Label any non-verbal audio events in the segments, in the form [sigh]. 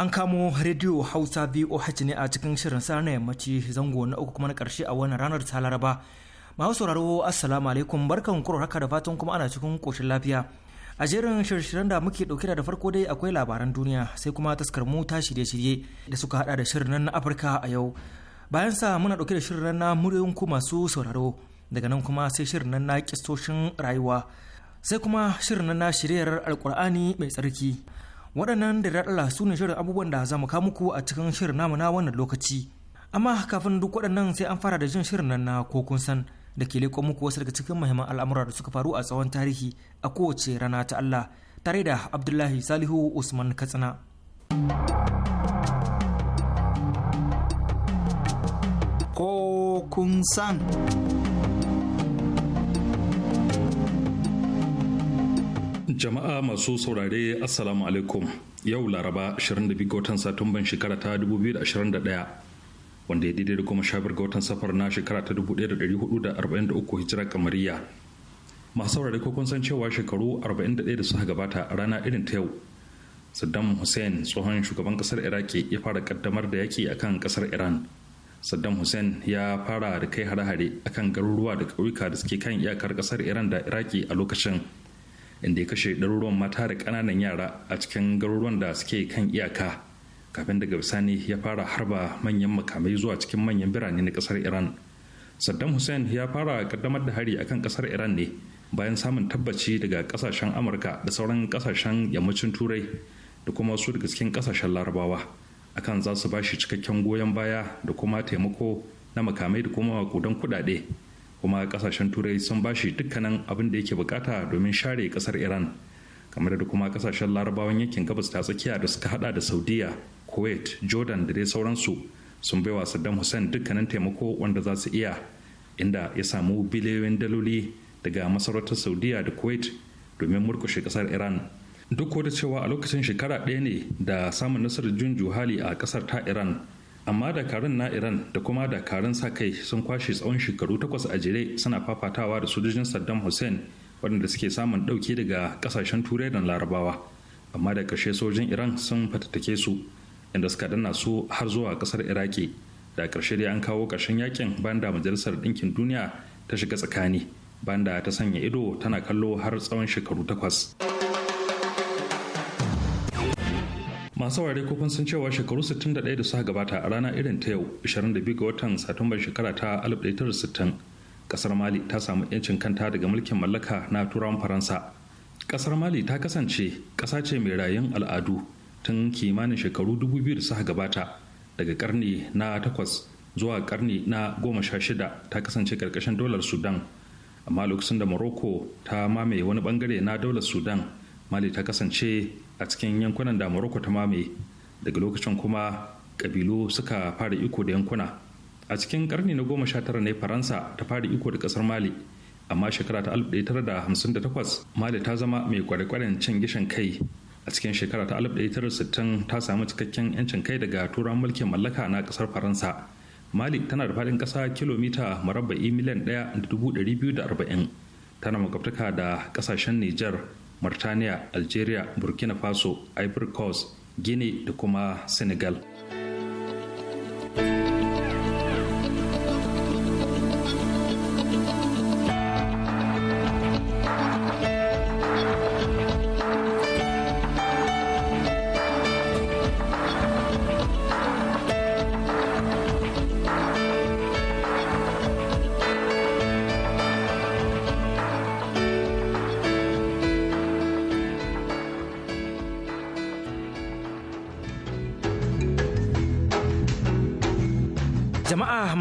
An kamo rediyo Hausa VOH ne a cikin shirin sa na yammaci zango na uku kuma na ƙarshe a wannan ranar ta Laraba. Masu sauraro Assalamu alaikum barkan kuro haka da fatan kuma ana cikin ƙoshin lafiya. A jerin shirye da muke ɗauke da farko dai akwai labaran duniya sai kuma taskar mu ta shirye-shirye da suka hada da shirin nan na Afirka a yau. Bayan sa muna ɗauke da shirin nan na muryoyin ku masu sauraro daga nan kuma sai shirin nan na kistoshin rayuwa sai kuma shirin nan na shiryar alkur'ani mai tsarki. waɗannan da Allah su ne shirin abubuwan da za mu kawo muku a cikin shirin namu na wannan lokaci amma kafin duk waɗannan sai an fara da jin shirin nan na ko kun san da ke leƙo muku wasu daga cikin muhimman al'amura da suka faru a tsawon tarihi a kowace rana ta Allah tare da Abdullahi Salihu Usman Katsina. Ko kun san. Jama'a masu saurare Assalamu alaikum yau Laraba 22 ga watan Satumban shekara ta 2021 wanda ya daidai da kuma shabir ga watan safar na shekara ta 1443 hijira kamariya. Masu saurare ko kun san cewa shekaru 41 da suka gabata a rana irin ta yau. Saddam Hussein tsohon shugaban kasar Iraki ya fara kaddamar da yaki akan kasar Iran. Saddam Hussein ya fara da kai hare-hare akan garuruwa da ƙauyuka da suke kan iyakar kasar Iran da Iraki a lokacin. inda ya kashe ɗaruruwan mata da ƙananan yara a cikin garuruwan da suke kan iyaka kafin daga bisani ya fara harba manyan makamai zuwa cikin manyan birane na ƙasar iran saddam hussein ya fara kaddamar da hari akan ƙasar iran ne bayan samun tabbaci daga ƙasashen amurka da sauran ƙasashen yammacin turai da kuma wasu daga cikin ƙasashen larabawa akan za su ba shi cikakken goyon baya da kuma taimako na makamai da kuma kudan kuɗaɗe kuma kasashen turai sun bashi dukkanin abin da yake bukata domin share kasar iran kamar da kuma kasashen larabawan yankin gabas ta tsakiya da suka hada da saudiya kuwait jordan da dai sauransu sun baiwa saddam hussein dukkanin taimako wanda za su iya inda ya samu biliyoyin daloli daga masarautar saudiya da kuwait domin murkushe kasar iran duk da cewa a lokacin shekara ɗaya ne da samun nasarar jun juhali a kasar ta iran amma dakarun na iran da kuma dakarun sa kai sun kwashe tsawon shekaru takwas a jere suna fafatawa da sojojin saddam hussein waɗanda suke samun ɗauki daga ƙasashen turai da larabawa amma da ƙarshe sojin iran sun fatattake su inda suka danna su har zuwa ƙasar iraki da ƙarshe dai an kawo ƙarshen yakin banda majalisar ɗinkin duniya ta shiga tsakani banda ta sanya ido tana kallo har tsawon shekaru takwas. masu ware ko kun san cewa shekaru 61 da suka gabata a rana irin ta yau 22 ga watan satumbar shekara ta 1960 kasar mali ta samu 'yancin kanta daga mulkin mallaka na turawan faransa kasar mali ta kasance kasa ce mai rayun al'adu tun kimanin shekaru 2000 da suka gabata daga karni na 8 zuwa karni na 16 ta kasance karkashin dolar sudan amma lokacin da morocco ta mamaye wani bangare na daular sudan mali ta kasance a cikin yankunan da morocco ta mame daga lokacin kuma kabilu suka fara iko da yankuna a cikin karni na goma sha tara ne faransa ta fara iko da kasar mali amma shekara ta 1958 mali ta zama mai kwarekwaren cin gishin kai a cikin shekara ta 1960 ta samu cikakken yancin kai daga turan mulkin mallaka na kasar faransa mali tana da faɗin ƙasa kilomita marabba'i miliyan 1,240 tana makwabtaka da ƙasashen niger Mauritania, Algeria, Burkina Faso, Ivory Coast, Guinea da kuma Senegal.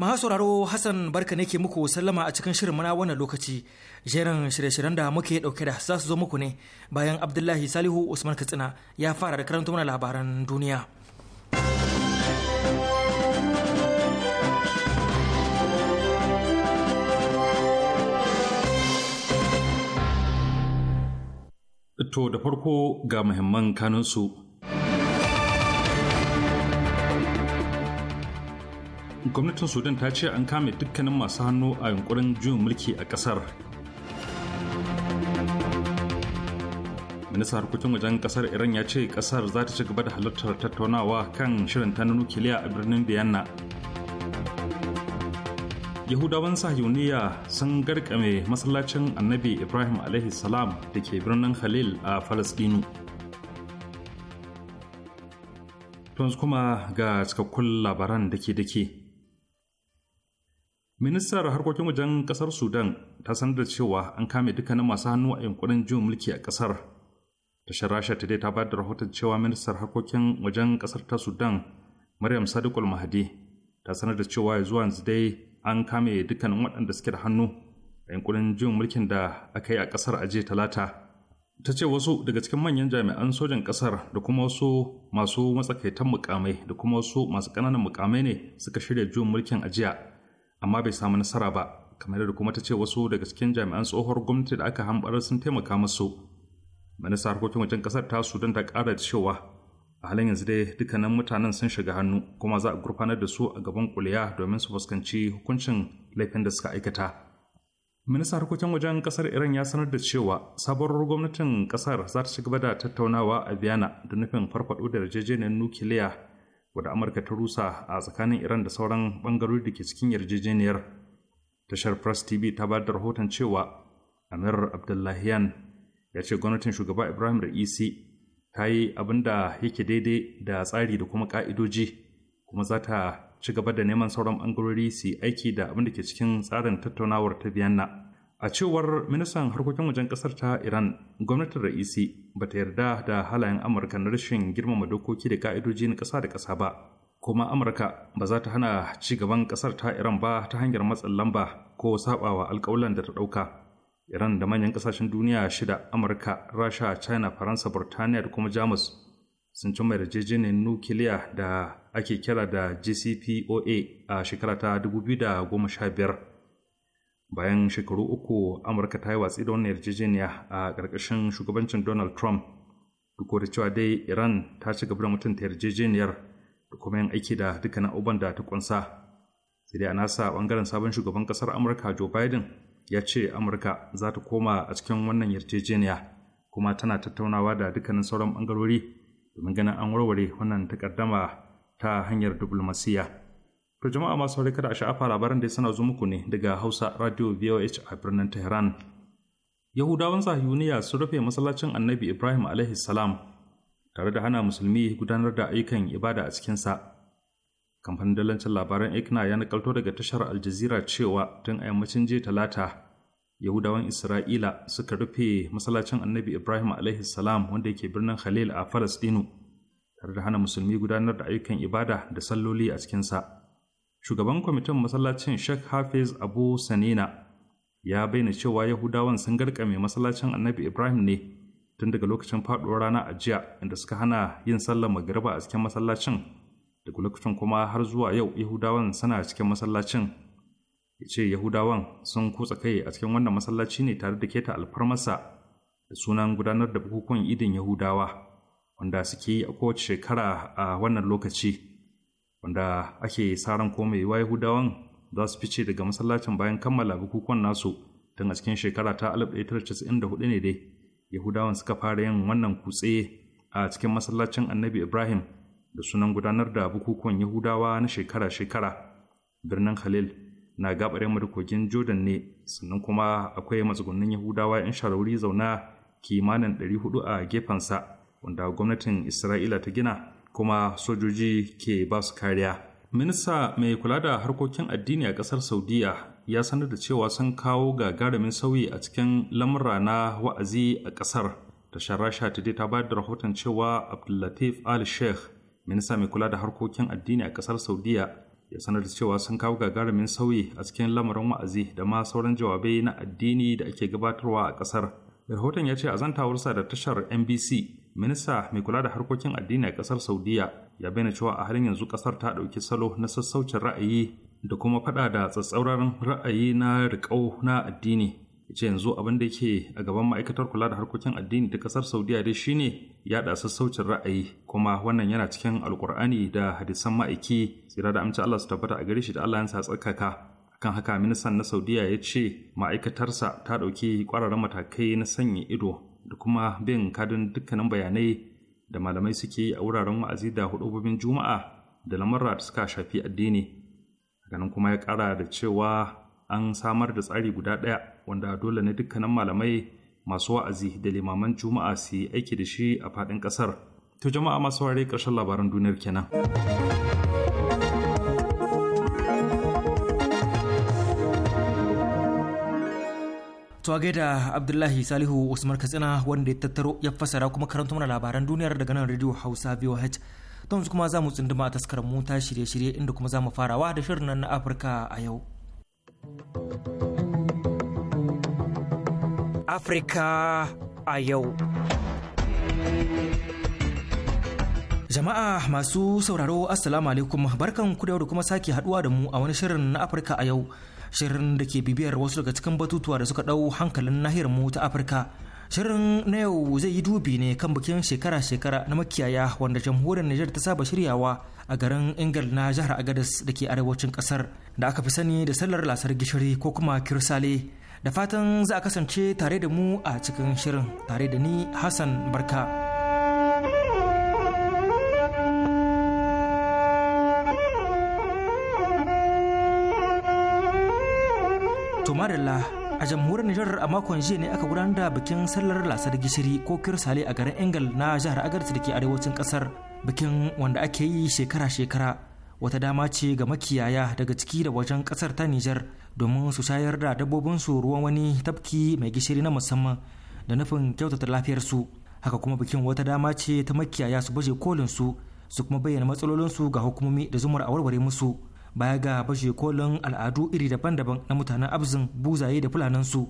Maha sauraro Hassan barka ne ke muku sallama a cikin shirin mana wannan lokaci. Jerin shirye-shiryen da muke dauke da za su zo muku ne bayan Abdullahi Salihu Usman Katsina ya fara da karanta mana labaran duniya. To da farko ga muhimman kanunsu. gwamnatin sudan ta ce an kame dukkanin masu hannu a yunkurin juyin mulki a kasar minista harkokin wajen kasar iran ya ce kasar za ta ci gaba da halartar tattaunawa kan shirin ta nuna nukiliya a birnin vienna yahudawan sahiyuniya sun garkame masallacin annabi ibrahim salam da ke birnin khalil a falasdinu yanzu kuma ga cikakkun labaran dake-dake ministar harkokin wajen kasar sudan ta sanar da cewa an kame dukkanin masu hannu a yankunan juyin mulki a kasar tashar rasha today ta ba da rahoton cewa ministar harkokin wajen kasar ta sudan maryam sadiqul mahadi ta sanar da cewa zuwa yanzu dai an kame dukkanin waɗanda suke da hannu a yankunan juyin mulkin da aka yi a kasar a jiya talata ta ce wasu daga cikin manyan jami'an sojan kasar da kuma wasu masu matsakaitan mukamai da kuma wasu masu kananan mukamai ne suka shirya juyin mulkin a jiya amma bai samu nasara ba kamar da kuma ta ce wasu daga cikin jami'an tsohuwar gwamnati da aka hambar sun taimaka musu ministan harkokin wajen kasar ta sudan ta kara cewa a halin yanzu dai dukkanin mutanen sun shiga hannu kuma za a gurfanar da su a gaban kuliya domin su fuskanci hukuncin laifin da suka aikata minista harkokin wajen kasar iran ya sanar da cewa sabuwar gwamnatin kasar za ta ci gaba da tattaunawa a biyana da nufin farfaɗo da yarjejeniyar nukiliya wadda amurka ta rusa a tsakanin iran da sauran bangarori da ke cikin yarjejeniyar tashar press tv ta ba da rahoton cewa amir abdullahian ya ce gwamnatin shugaba ibrahim ra'isi ta yi abin da yake daidai da tsari da kuma ka'idoji kuma za ta ci gaba da neman sauran bangarori su aiki da abin da ke cikin tsarin tattaunawar ta Biyanna. a cewar ministan harkokin wajen kasar ta iran gwamnatin ra'isi ba ta yarda da halayen amurka na rashin girmama dokoki da ka'idoji na ƙasa da ƙasa ba kuma amurka ba za ta hana ci gaban ƙasar ta iran ba ta hanyar matsin lamba ko saɓawa alƙawalan da ta ɗauka iran da manyan ƙasashen duniya shida amurka rasha china faransa burtaniya da kuma jamus sun cimma yarjejeniyar nukiliya da ake kira da jcpoa a shekara ta 2015 bayan shekaru uku amurka ta yi watsi da wannan yarjejeniya a ƙarƙashin shugabancin donald trump duk da cewa dai iran ta ci gaba da mutunta yarjejeniyar da kuma yin aiki da dukkanin abubuwan da ta kunsa sai dai a nasa bangaren sabon shugaban ƙasar amurka joe biden ya ce amurka za ta koma a cikin wannan yarjejeniya kuma tana tattaunawa da dukkanin sauran bangarori domin ganin an warware wannan takaddama ta hanyar diplomasiya. To jama'a masu saurari kada a sha'afa labaran da suna zo muku ne daga Hausa Radio VOH a birnin Tehran. Yahudawan Sahiyuniya sun rufe masallacin Annabi Ibrahim alaihi salam tare da hana musulmi gudanar da ayyukan ibada a cikinsa. Kamfanin dalancin labaran Ikna ya nakalto daga tashar Al Jazeera cewa tun a yammacin jiya talata Yahudawan Isra'ila suka rufe masallacin Annabi Ibrahim alaihi salam wanda yake birnin Khalil a Falastinu tare da hana musulmi gudanar da ayyukan ibada da salloli a cikinsa. shugaban kwamitin masallacin Sheikh Hafiz Abu Sanina ya bayyana cewa Yahudawan sun garkame masallacin Annabi Ibrahim ne tun daga lokacin faduwar rana a jiya inda suka hana yin sallar magriba a cikin masallacin daga lokacin kuma har zuwa yau Yahudawan suna cikin masallacin ya ce Yahudawan sun kutsa kai a cikin wannan masallaci ne tare da keta alfarmasa da sunan gudanar da bukukuwan idin Yahudawa wanda suke yi a kowace shekara a wannan lokaci. wanda ake sa ran ko mai yahudawan za su fice daga masallacin bayan kammala bukukuwan nasu tun a cikin shekara ta 1994 ne dai yahudawan suka fara yin wannan kutse a cikin masallacin annabi ibrahim da sunan gudanar da bukukuwan yahudawa na shekara-shekara birnin khalil na gabar yamma jordan ne sannan kuma akwai matsugunan yahudawa 'yan sharauri zauna kimanin 400 a gefensa wanda gwamnatin isra'ila ta gina kuma sojoji ke ba su kariya minista mai kula da harkokin addini a ƙasar saudiya ya sanar da cewa sun kawo gagarumin sauyi a cikin lamura na wa'azi a ƙasar tashar rasha today ta bayar da rahoton cewa abdullatif al sheikh minista mai kula da harkokin addini a ƙasar saudiya ya sanar da cewa sun kawo gagarumin sauyi a cikin lamarin wa'azi da ma sauran jawabai na addini da ake gabatarwa a ƙasar. rahoton ya ce a zantawarsa da tashar nbc minista mai kula da harkokin addini a kasar saudiya ya bayyana cewa a halin yanzu kasar ta ɗauki salo na sassaucin ra'ayi da kuma faɗa da tsatsauraran ra'ayi na riƙau na addini ce yanzu abin da ke a gaban ma'aikatar kula da harkokin addini ta kasar saudiya dai shine yaɗa sassaucin ra'ayi kuma wannan yana cikin alkur'ani da hadisan ma'aiki tsira da amince allah su tabbata a gare shi da allah yansa tsarkaka kan haka ministan na saudiya ya ce ma'aikatarsa ta ɗauki ƙwararren matakai na sanya ido da kuma bin kadin dukkanin bayanai da malamai suke yi a wuraren wa'azi da hudubobin juma'a da lamarra da suka shafi addini ganin kuma ya kara da cewa an samar da tsari guda ɗaya wanda dole ne dukkanin malamai masu wa'azi da limaman juma'a su yi aiki da shi a faɗin ƙasar to jama'a masu ware ƙarshen labaran duniyar kenan To a gaida Abdullahi Salihu Usman Katsina wanda ya tattaro ya fassara kuma karanta mana labaran duniyar daga nan Radio Hausa VOH. To yanzu kuma za mu tsunduma a taskar mu ta shirye-shirye inda kuma za mu farawa da shirin nan na Afirka a yau. Afirka a yau. Jama'a masu sauraro Assalamu alaikum barkan ku da kuma sake haduwa da mu a wani shirin na Afirka a yau. shirin da ke bibiyar wasu daga cikin batutuwa da suka ɗau hankalin nahiyar mu ta afirka shirin na yau zai yi dubi ne kan bikin shekara-shekara na makiyaya wanda jamhuriyar niger ta saba shiryawa a garin ingal na jihar agadas da ke arewacin kasar da aka fi sani da sallar lasar gishiri ko kuma kirsale da fatan za a kasance tare da mu a cikin shirin tare da ni hassan barka To madalla a jamhuriyar Nijar a makon jiya ne aka gudanar da bikin sallar lasar gishiri ko kirsale a garin Engal na jihar Agadir da ke arewacin kasar bikin wanda ake yi shekara-shekara wata dama ce ga makiyaya daga ciki da wajen kasar ta Nijar domin su shayar da dabbobin su ruwan wani tafki mai gishiri na musamman da nufin kyautata lafiyarsu haka kuma bikin wata dama ce ta makiyaya su baje kolin su su kuma bayyana matsalolinsu ga hukumomi da zumar a warware musu baya ga bashe kolin al'adu iri daban-daban na mutanen abzin buzaye da fulanansu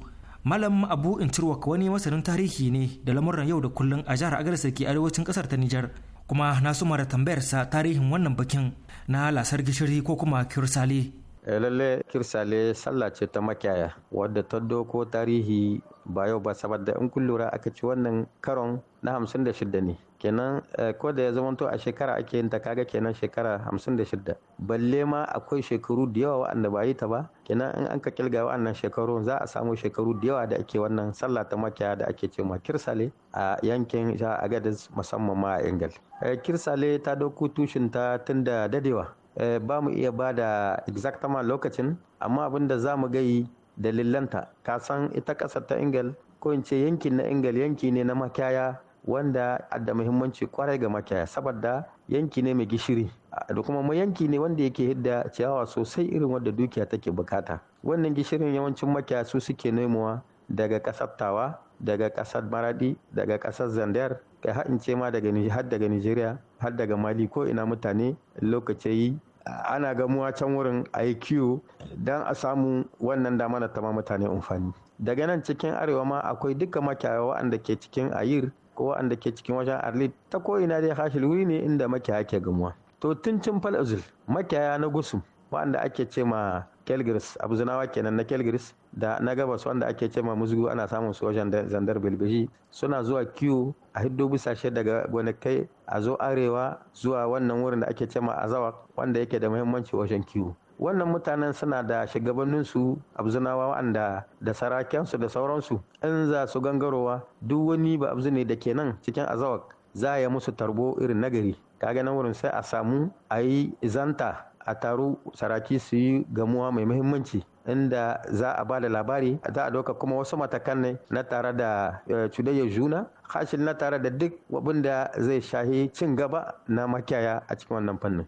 malam abu intirwak wani masanin tarihi ne da lamuran yau da kullun a jihar agarsa ke arewacin kasar ta nijar kuma na suma da tambayarsa tarihin wannan bakin na lasar gishiri ko kuma kirsale eh, lallai kirsale sallah ce ta makiyaya wadda ta doko tarihi ba yau ba saboda in kun lura aka ci wannan karon na hamsin da shidda ne kenan eh, ko da ya zamanto a shekara ake yin ta kaga kenan shekara hamsin da shidda balle ma akwai shekaru da yawa wa'anda ba yi ta ba kenan in an ka kilga wa'annan shekaru za a samu shekaru da yawa da ake wannan sallah ta makiya da ake ce ma kirsale a yankin ja agadis musamman ma a ingal eh, kirsale ta dauko tushin ta tun da dadewa eh, ba mu iya ba da exactama lokacin amma abin da za mu gai dalilanta ka san ita ƙasar ta ingal ko in ce yankin na ingal yanki ne na makiyaya wanda da muhimmanci kwarai ga makiyaya saboda yanki ne mai gishiri da kuma ma yanki ne wanda yake hidda ciyawa sosai irin wadda dukiya take bukata wannan gishirin yawancin makiyaya su suke nemowa daga kasar tawa daga kasar maradi daga ƙasar zandar kai haince ce ma daga har daga nigeria har daga mali ko ina mutane lokaci ana gamuwa can wurin a kiwo don a samu wannan dama na tama mutane amfani daga nan cikin arewa ma akwai duka makiyaya waɗanda ke cikin ayir ko waɗanda ke cikin wajen arlit ta ko ina dai hashil wuri ne inda makiyaya ke gamuwa to tun cin falazul makiyaya na gusum waɗanda ake ce ma kelgris abuzunawa kenan na kelgris da na gabas wanda ake cema musgu ana samun su wajen zandar bilbishi suna zuwa kiwo a hiddo busashe daga gonakai a zo arewa zuwa wannan wurin da ake cema azawa wanda yake da muhimmanci wajen kiwo wannan mutanen suna da shugabanninsu abzunawa wanda da sarakensu da sauransu in za su gangarowa duk wani ba abzu ne da ke nan cikin azawa za ya musu tarbo irin nagari kaga nan wurin sai a samu a yi zanta a taru saraki su yi gamuwa mai muhimmanci inda za a ba da labari za a ɗauka kuma wasu matakan ne na tare da eh, cudayyar juna hashin na tare da duk abin zai shahi cin gaba na makiyaya a cikin wannan fannin.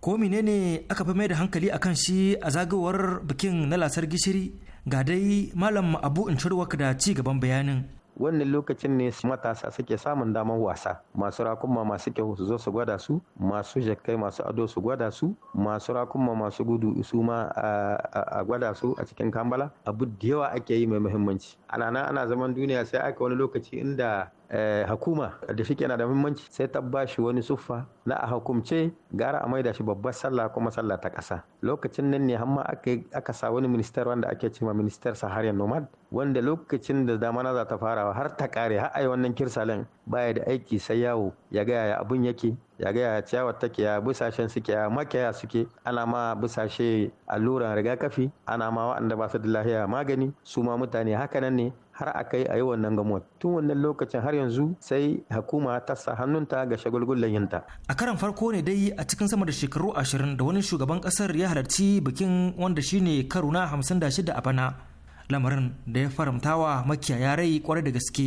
ko menene aka fi mai da hankali akan shi a zagawar bikin na lasar gishiri ga dai malam abu in da ci gaban bayanin wannan lokacin ne matasa suke samun damar wasa masu rakunma masu kyau su zo su gwada su masu jakkai masu ado su gwada su masu rakunma masu gudu su ma a gwada su a cikin kambala abu da yawa ake yi mai muhimmanci ana nan ana zaman duniya sai aka wani lokaci inda Eh, hukuma da shi kenan da muhimmanci sai ta ba shi wani suffa na a hukumce gara a maida shi babbar sallah kuma sallah ta ƙasa lokacin nan ne hamma aka sa wani minister wanda ake cewa ministar saharian nomad wanda lokacin da zamana za ta farawa har ta kare har ai wannan kirsalen baya da aiki sai yawo ya ga yaya abun yake ya ga yaya ciyawar take ya busashen suke ya makiyaya suke ana ma busashe alluran rigakafi ana ma waɗanda ba su da lahiya magani su ma mutane haka nan ne har a kai a yi wannan gamuwar tun wannan lokacin har yanzu sai hukuma ta sa hannunta ga shagulgullan yinta a karan farko ne dai a cikin sama da shekaru ashirin da wani shugaban kasar ya halarci bikin wanda shine karo na hamsin da shida a bana lamarin da ya wa makiyaya rai kwarai da gaske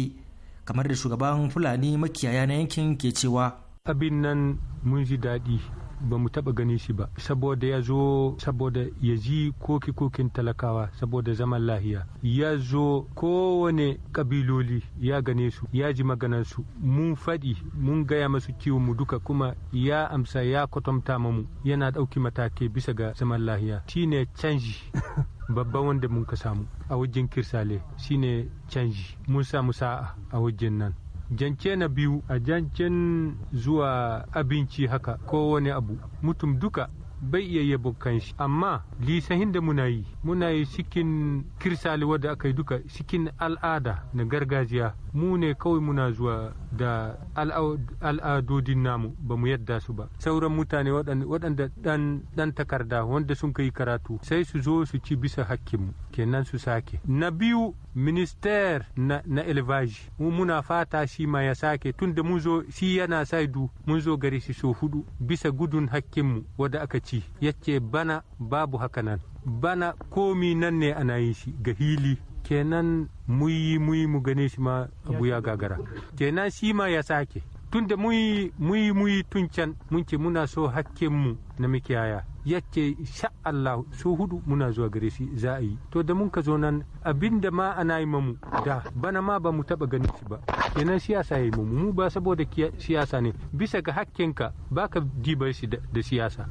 kamar da shugaban fulani makiyaya na yankin ke cewa abin nan mun ji daɗi ba mu taɓa gani shi ba saboda ya zo saboda ya ji koki-kokin talakawa saboda zaman lahiya ya zo kowane kabiloli ya gane su ya ji maganansu mun faɗi mun gaya masu kiwo mu duka kuma ya amsa ya kwatanta mamu yana ɗauki matakai bisa ga zaman lahiya shine canji [laughs] babban wanda mun ka samu a wajen kirsale shine canji mun samu sa'a a wajen nan jance na biyu a jancen zuwa abinci haka ko wani abu mutum duka bai iya yabo kanshi amma lisahin da muna yi muna yi cikin kirsali wadda aka yi duka cikin al'ada na gargajiya mu ne kawai muna zuwa da al'adodin namu ba mu yadda su ba sauran mutane waɗanda ɗan takarda wanda sun kai karatu sai su zo su ci bisa hakkinmu kenan su sake na biyu minister na, na mu muna fata shi ma ya sake tun da mun zo shi yana saidu mun zo gare shi so hudu bisa gudun hakkinmu wadda aka ci yace bana babu haka nan bana komi nan ne ana yin shi ga hili kenan muyi muyi mu gane shi ma abu ya gagara kenan shi ma ya sake tun da muyi muyi muyi tun can mun ce muna so mu na mikiyaya yace sha Allah su hudu muna zuwa gare shi za a yi to da mun ka zo nan da ma ana yi mamu da bana ma ba mu taba ganin shi ba kenan siyasa ya yi mamu mu ba saboda siyasa ne bisa ga hakkinka baka dibar shi da siyasa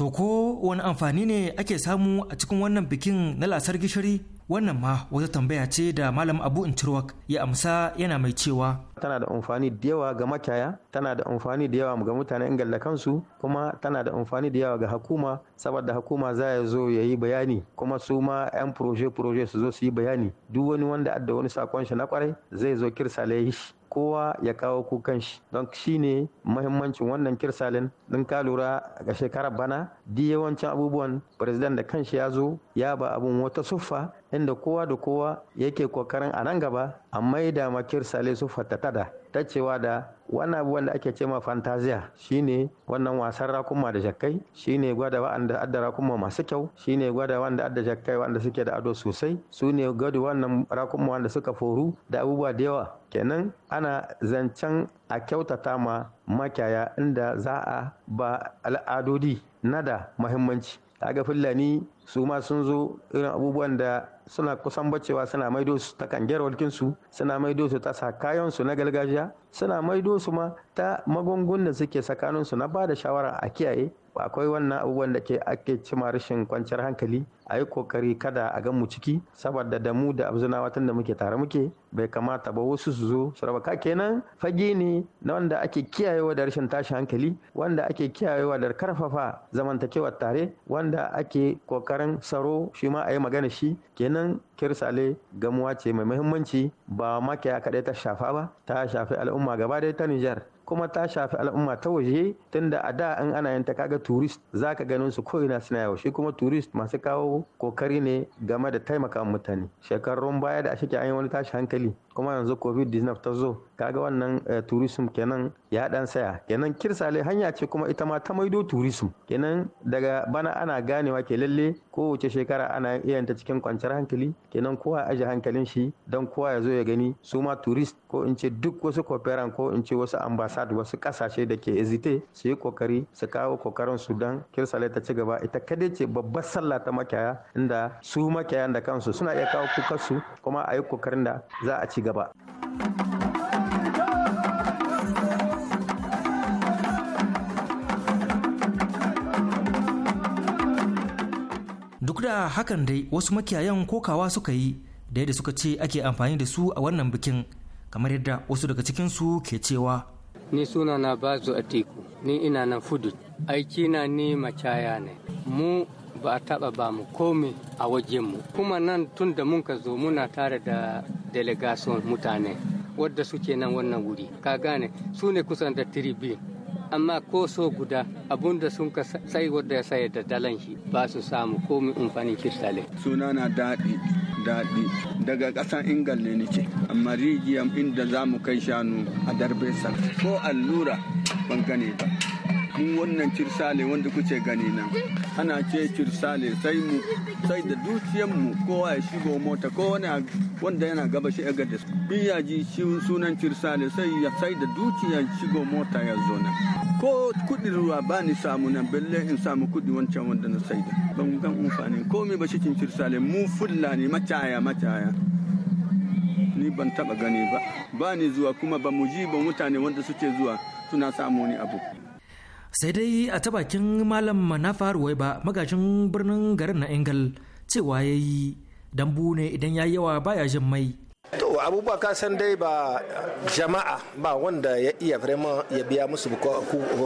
To ko wani amfani ne ake samu a cikin wannan bikin na lasar gishiri? Wannan ma wata tambaya ce da Malam Abu Intirwak ya amsa yana mai cewa. Tana da amfani da yawa ga makiyaya, tana da amfani da yawa ga mutanen ingalla kansu, kuma tana da amfani da yawa ga hakuma, saboda hakuma za ya zo ya yi bayani, kuma su ma 'yan proje-proje su zo su yi bayani. Duk wani wanda adda wani sakon shi na kwarai zai zo kirsa shi. kowa ya kawo kukan shi don shi ne mahimmancin wannan kirsalin din ka lura ga shekarar bana di yawancin abubuwan president da kanshi ya zo ya ba abun wata suffa inda kowa da kowa yake kokarin a nan gaba a maida makir sale su fatatada ta cewa da wannan abubuwan da ake cema fantaziya shine wannan wasan rakuma da jakkai shine gwada wanda adda rakuma masu kyau shine gwada wanda adda jakkai wanda suke da ado sosai su ne gwada wannan rakuma wanda suka foru da abubuwa da yawa kenan ana zancen a kyautata ma makiyaya inda za a ba al'adodi na da muhimmanci ga fulani su ma sun zo irin abubuwan da suna kusan bacewa suna maido su ta kangiyar walkinsu suna maido su ta kayansu na gargajiya suna maido su ma ta magungun da suke tsakaninsu na ba da shawara a kiyaye akwai wannan abubuwan da ke ake cima rashin kwanciyar hankali a yi kokari kada a gan mu ciki saboda da mu da abzuna watan da muke tare muke bai kamata ba wasu su zo su raba ka kenan fage ne na wanda ake kiyayewa da rashin tashin hankali wanda ake kiyayewa da karfafa zamantakewar tare wanda ake kokarin tsaro shi ma a yi magana shi kenan kirsale gamuwa ce mai muhimmanci ba kaya kaɗai ta shafa ba ta shafi al'umma gaba dai ta Nijar kuma ta shafi al'umma ta waje tunda a da in ana yin ta kaga turist ka ganin su ko'ina suna yawo kuma turist masu kawo kokari ne game da taimaka mutane shekarun baya da a ke an yi wani tashi hankali kuma yanzu covid-19 ta zo kaga wannan eh, tourism kenan ya dan saya kenan kirsale hanya ce kuma ita ma ta maido tourism kenan daga bana ana ganewa ke lalle kowace shekara ana iya ta cikin kwanciyar hankali kenan kowa aje hankalin shi don kowa ya zo ya gani su ma tourist ko in ce duk wasu koferan ko in ce wasu ambassad wasu kasashe da ke ezite su yi kokari su kawo kokarin su don kirsale ta ci gaba ita kadai ce babbar sallah ta makaya inda su makiyayan da kansu suna iya kawo kukarsu kuma a yi kokarin da za a ci ci gaba. duk da hakan dai wasu makiyayan kokawa suka yi da yadda suka ce ake amfani da su a wannan bikin kamar yadda wasu daga cikinsu ke cewa ni suna na bazu teku, ni ina nan fudu aiki na ne macaya ne mu ba a taɓa ba mu komi a wajenmu kuma nan tun da mun ka zo muna tare da delegation mutane wadda suke nan wannan wuri ka gane su ne kusan da tiribin amma ko so guda abunda sun ka sai wadda ya sayar da dalan shi ba su samu komi amfanin kirtale suna na daɗi daɗi daga ƙasar ingal ne nake amma rigiyar inda za mu kai shanu a darbe darbesa ko allura ban gane ba mu wannan cirsale wanda kuke gani nan ana ce cirsale sai mu sai da dukiyan mu kowa ya shigo mota ko wani wanda yana gabashi ya gada biya ji sunan cirsale sai ya sai da dukiyan shigo mota ya zo nan ko kudin ruwa ba ni samu nan belle in samu kudi wancan wanda na sai da ban gan amfani me ba cikin cirsale mu fullani mataya mataya ni ban taba gani ba ba ni zuwa kuma ba mu ji ba mutane wanda suke zuwa suna samu ni abu sai dai a ta bakin malam manafa ba magajin birnin garin na ingal cewa ya yi dambu ne idan ya yawa baya jin mai to abubuwa ka san dai ba jama'a ba wanda ya iya vraiment ya biya musu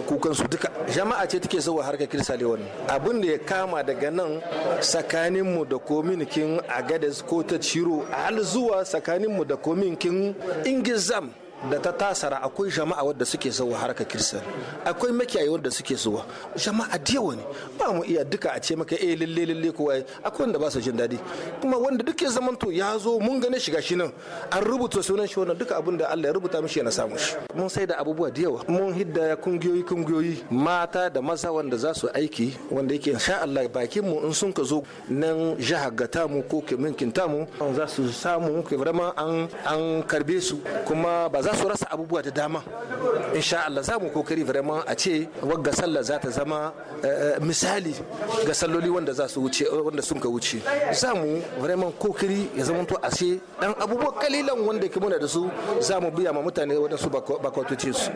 kukansu duka jama'a ce take zuwa harkar kirsa lewan abin da ya kama daga nan tsakaninmu da kominikin agades ko ta ciro a hal zuwa tsakaninmu da kominikin ingizam da ta tasara akwai jama'a wadda suke zuwa harkar kirsan akwai makiyayi wadda suke zuwa jama'a da yawa ne ba mu iya duka a ce maka eh lalle lalle kowa akwai wanda ba su jin daɗi kuma wanda duke zaman zamanto ya zo mun gane shiga shi nan an rubuta sunan shi wannan duka abin Allah ya rubuta mishi yana samu shi mun sai da abubuwa da yawa mun hidda kungiyoyi kungiyoyi mata da maza wanda za su aiki wanda yake insha Allah bakin mu in sun ka zo nan jihar mu ko Kiminkin kintamu za su samu kuma an an karbe su kuma ba za su rasa abubuwa da dama insha Allah za mu kokari vraiment a ce wagga sallah za ta zama eh, eh, misali ga salloli wanda za su wuce eh, wanda sun ka wuce za mu vraiment kokari ya zama to a ce dan abubuwa kalilan wanda ke muna da su za mu biya ma mutane wadansu bakwatocin su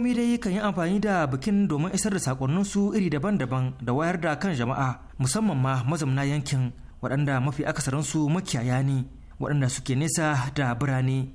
hukumomi dai kan yi amfani da bikin domin isar da sakonninsu iri daban-daban da wayar da kan jama'a musamman ma mazamna yankin waɗanda mafi akasarinsu makiyaya ne waɗanda suke nesa da birane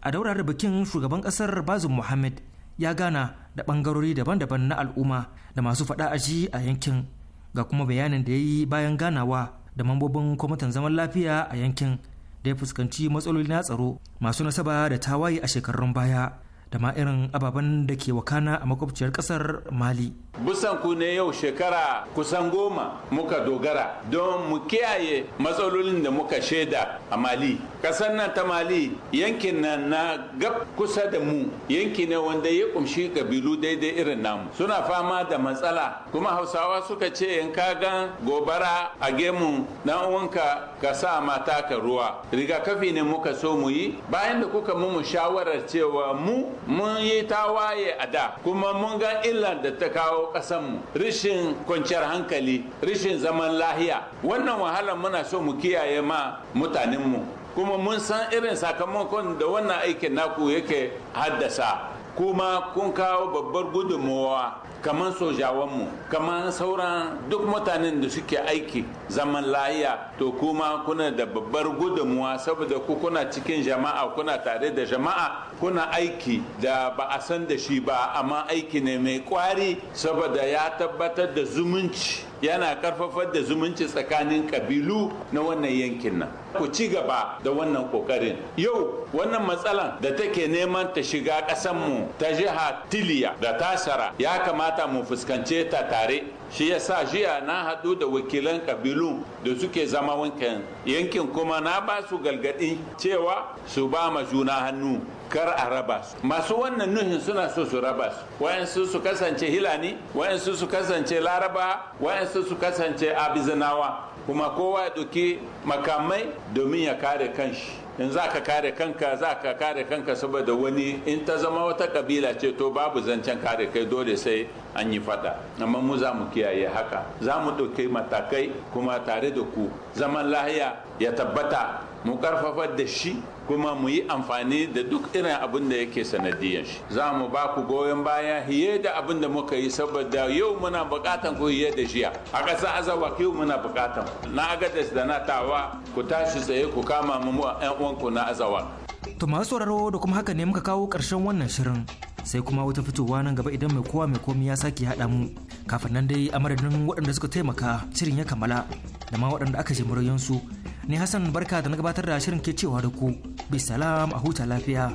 a daurar bikin shugaban ƙasar bazum muhammad ya gana da ɓangarori daban-daban na al'umma da masu faɗa aji a yankin ga kuma bayanin da ya yi bayan ganawa da mambobin kwamitin zaman lafiya a yankin da ya fuskanci matsaloli na tsaro masu nasaba da tawaye a shekarun baya da ma irin ababen da ke wakana a makwabciyar kasar mali busan ku ne yau shekara kusan goma muka dogara don mu kiyaye matsalolin da muka shaida a mali kasar nan ta mali yankin nan na gab kusa da mu yanki ne wanda ya kumshi kabilu daidai irin namu suna fama da matsala kuma hausawa suka ce in ka gan gobara a gemu na uwanka ka sa mata ka ruwa rigakafi ne muka so mu yi bayan da kuka mumu shawarar cewa mu mun yi tawaye a da kuma mun ga illar da ta kawo mu rishin kwanciyar hankali rishin zaman lahiya wannan wahalar muna so mu kiyaye ma mutanenmu kuma mun san irin sakamakon da wannan aikin naku yake haddasa kuma kun kawo babbar gudunmowa kamar sojawanmu kamar sauran duk mutanen da suke aiki zaman lahiya to kuma kuna da babbar gudunmuwa saboda ku kuna cikin jama'a kuna tare da jama'a kuna aiki da ba a san da shi ba amma aiki ne mai kwari saboda ya tabbatar da zumunci yana karfafar da zumunci tsakanin kabilu na wannan yankin nan ku ci gaba da wannan kokarin yau wannan matsalan da take neman ta shiga mu ta jiha tiliya da tasara ya kamata mu fuskance ta tare shi ya sa jiya na haɗu da wakilan kabilu da suke zama wankan yankin kuma na ba su galgaɗi cewa su ba ma juna hannu kar a raba su masu wannan nuhin suna so su raba su wayansu su kasance hilani wayansu su kasance laraba wayansu su kasance abizanawa kuma kowa ya ɗauki makamai domin ya kare kanshi in za ka kare kanka za ka kare kanka saboda wani in ta zama wata kabila ce to babu zancen kare kai dole sai an yi fada amma mu za mu kiyaye haka za mu ɗauki matakai kuma tare da ku zaman lahiya ya tabbata mu karfafa da shi kuma mu yi amfani da duk irin abin da yake sanadiyar shi za mu ba ku goyon baya hiye da abin da muka yi saboda yau muna bukatan ku hiye da jiya a ƙasar azawa yau muna bukatan na agadas da na tawa ku tashi tsaye ku kama mu yan uwanku na azawa to masu sauraro da kuma haka ne muka kawo ƙarshen wannan shirin sai kuma wata fitowa nan gaba idan mai kowa mai komi ya sake haɗa mu kafin nan dai a madadin waɗanda suka taimaka shirin ya kammala da ma waɗanda aka ji su ni hassan barka da na gabatar da shirin ke cewa da ku bisalam a huta lafiya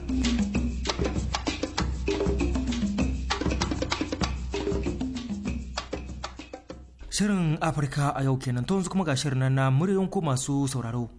shirin afirka a yau kenan to yanzu kuma ga shirin na muryoyin ku masu sauraro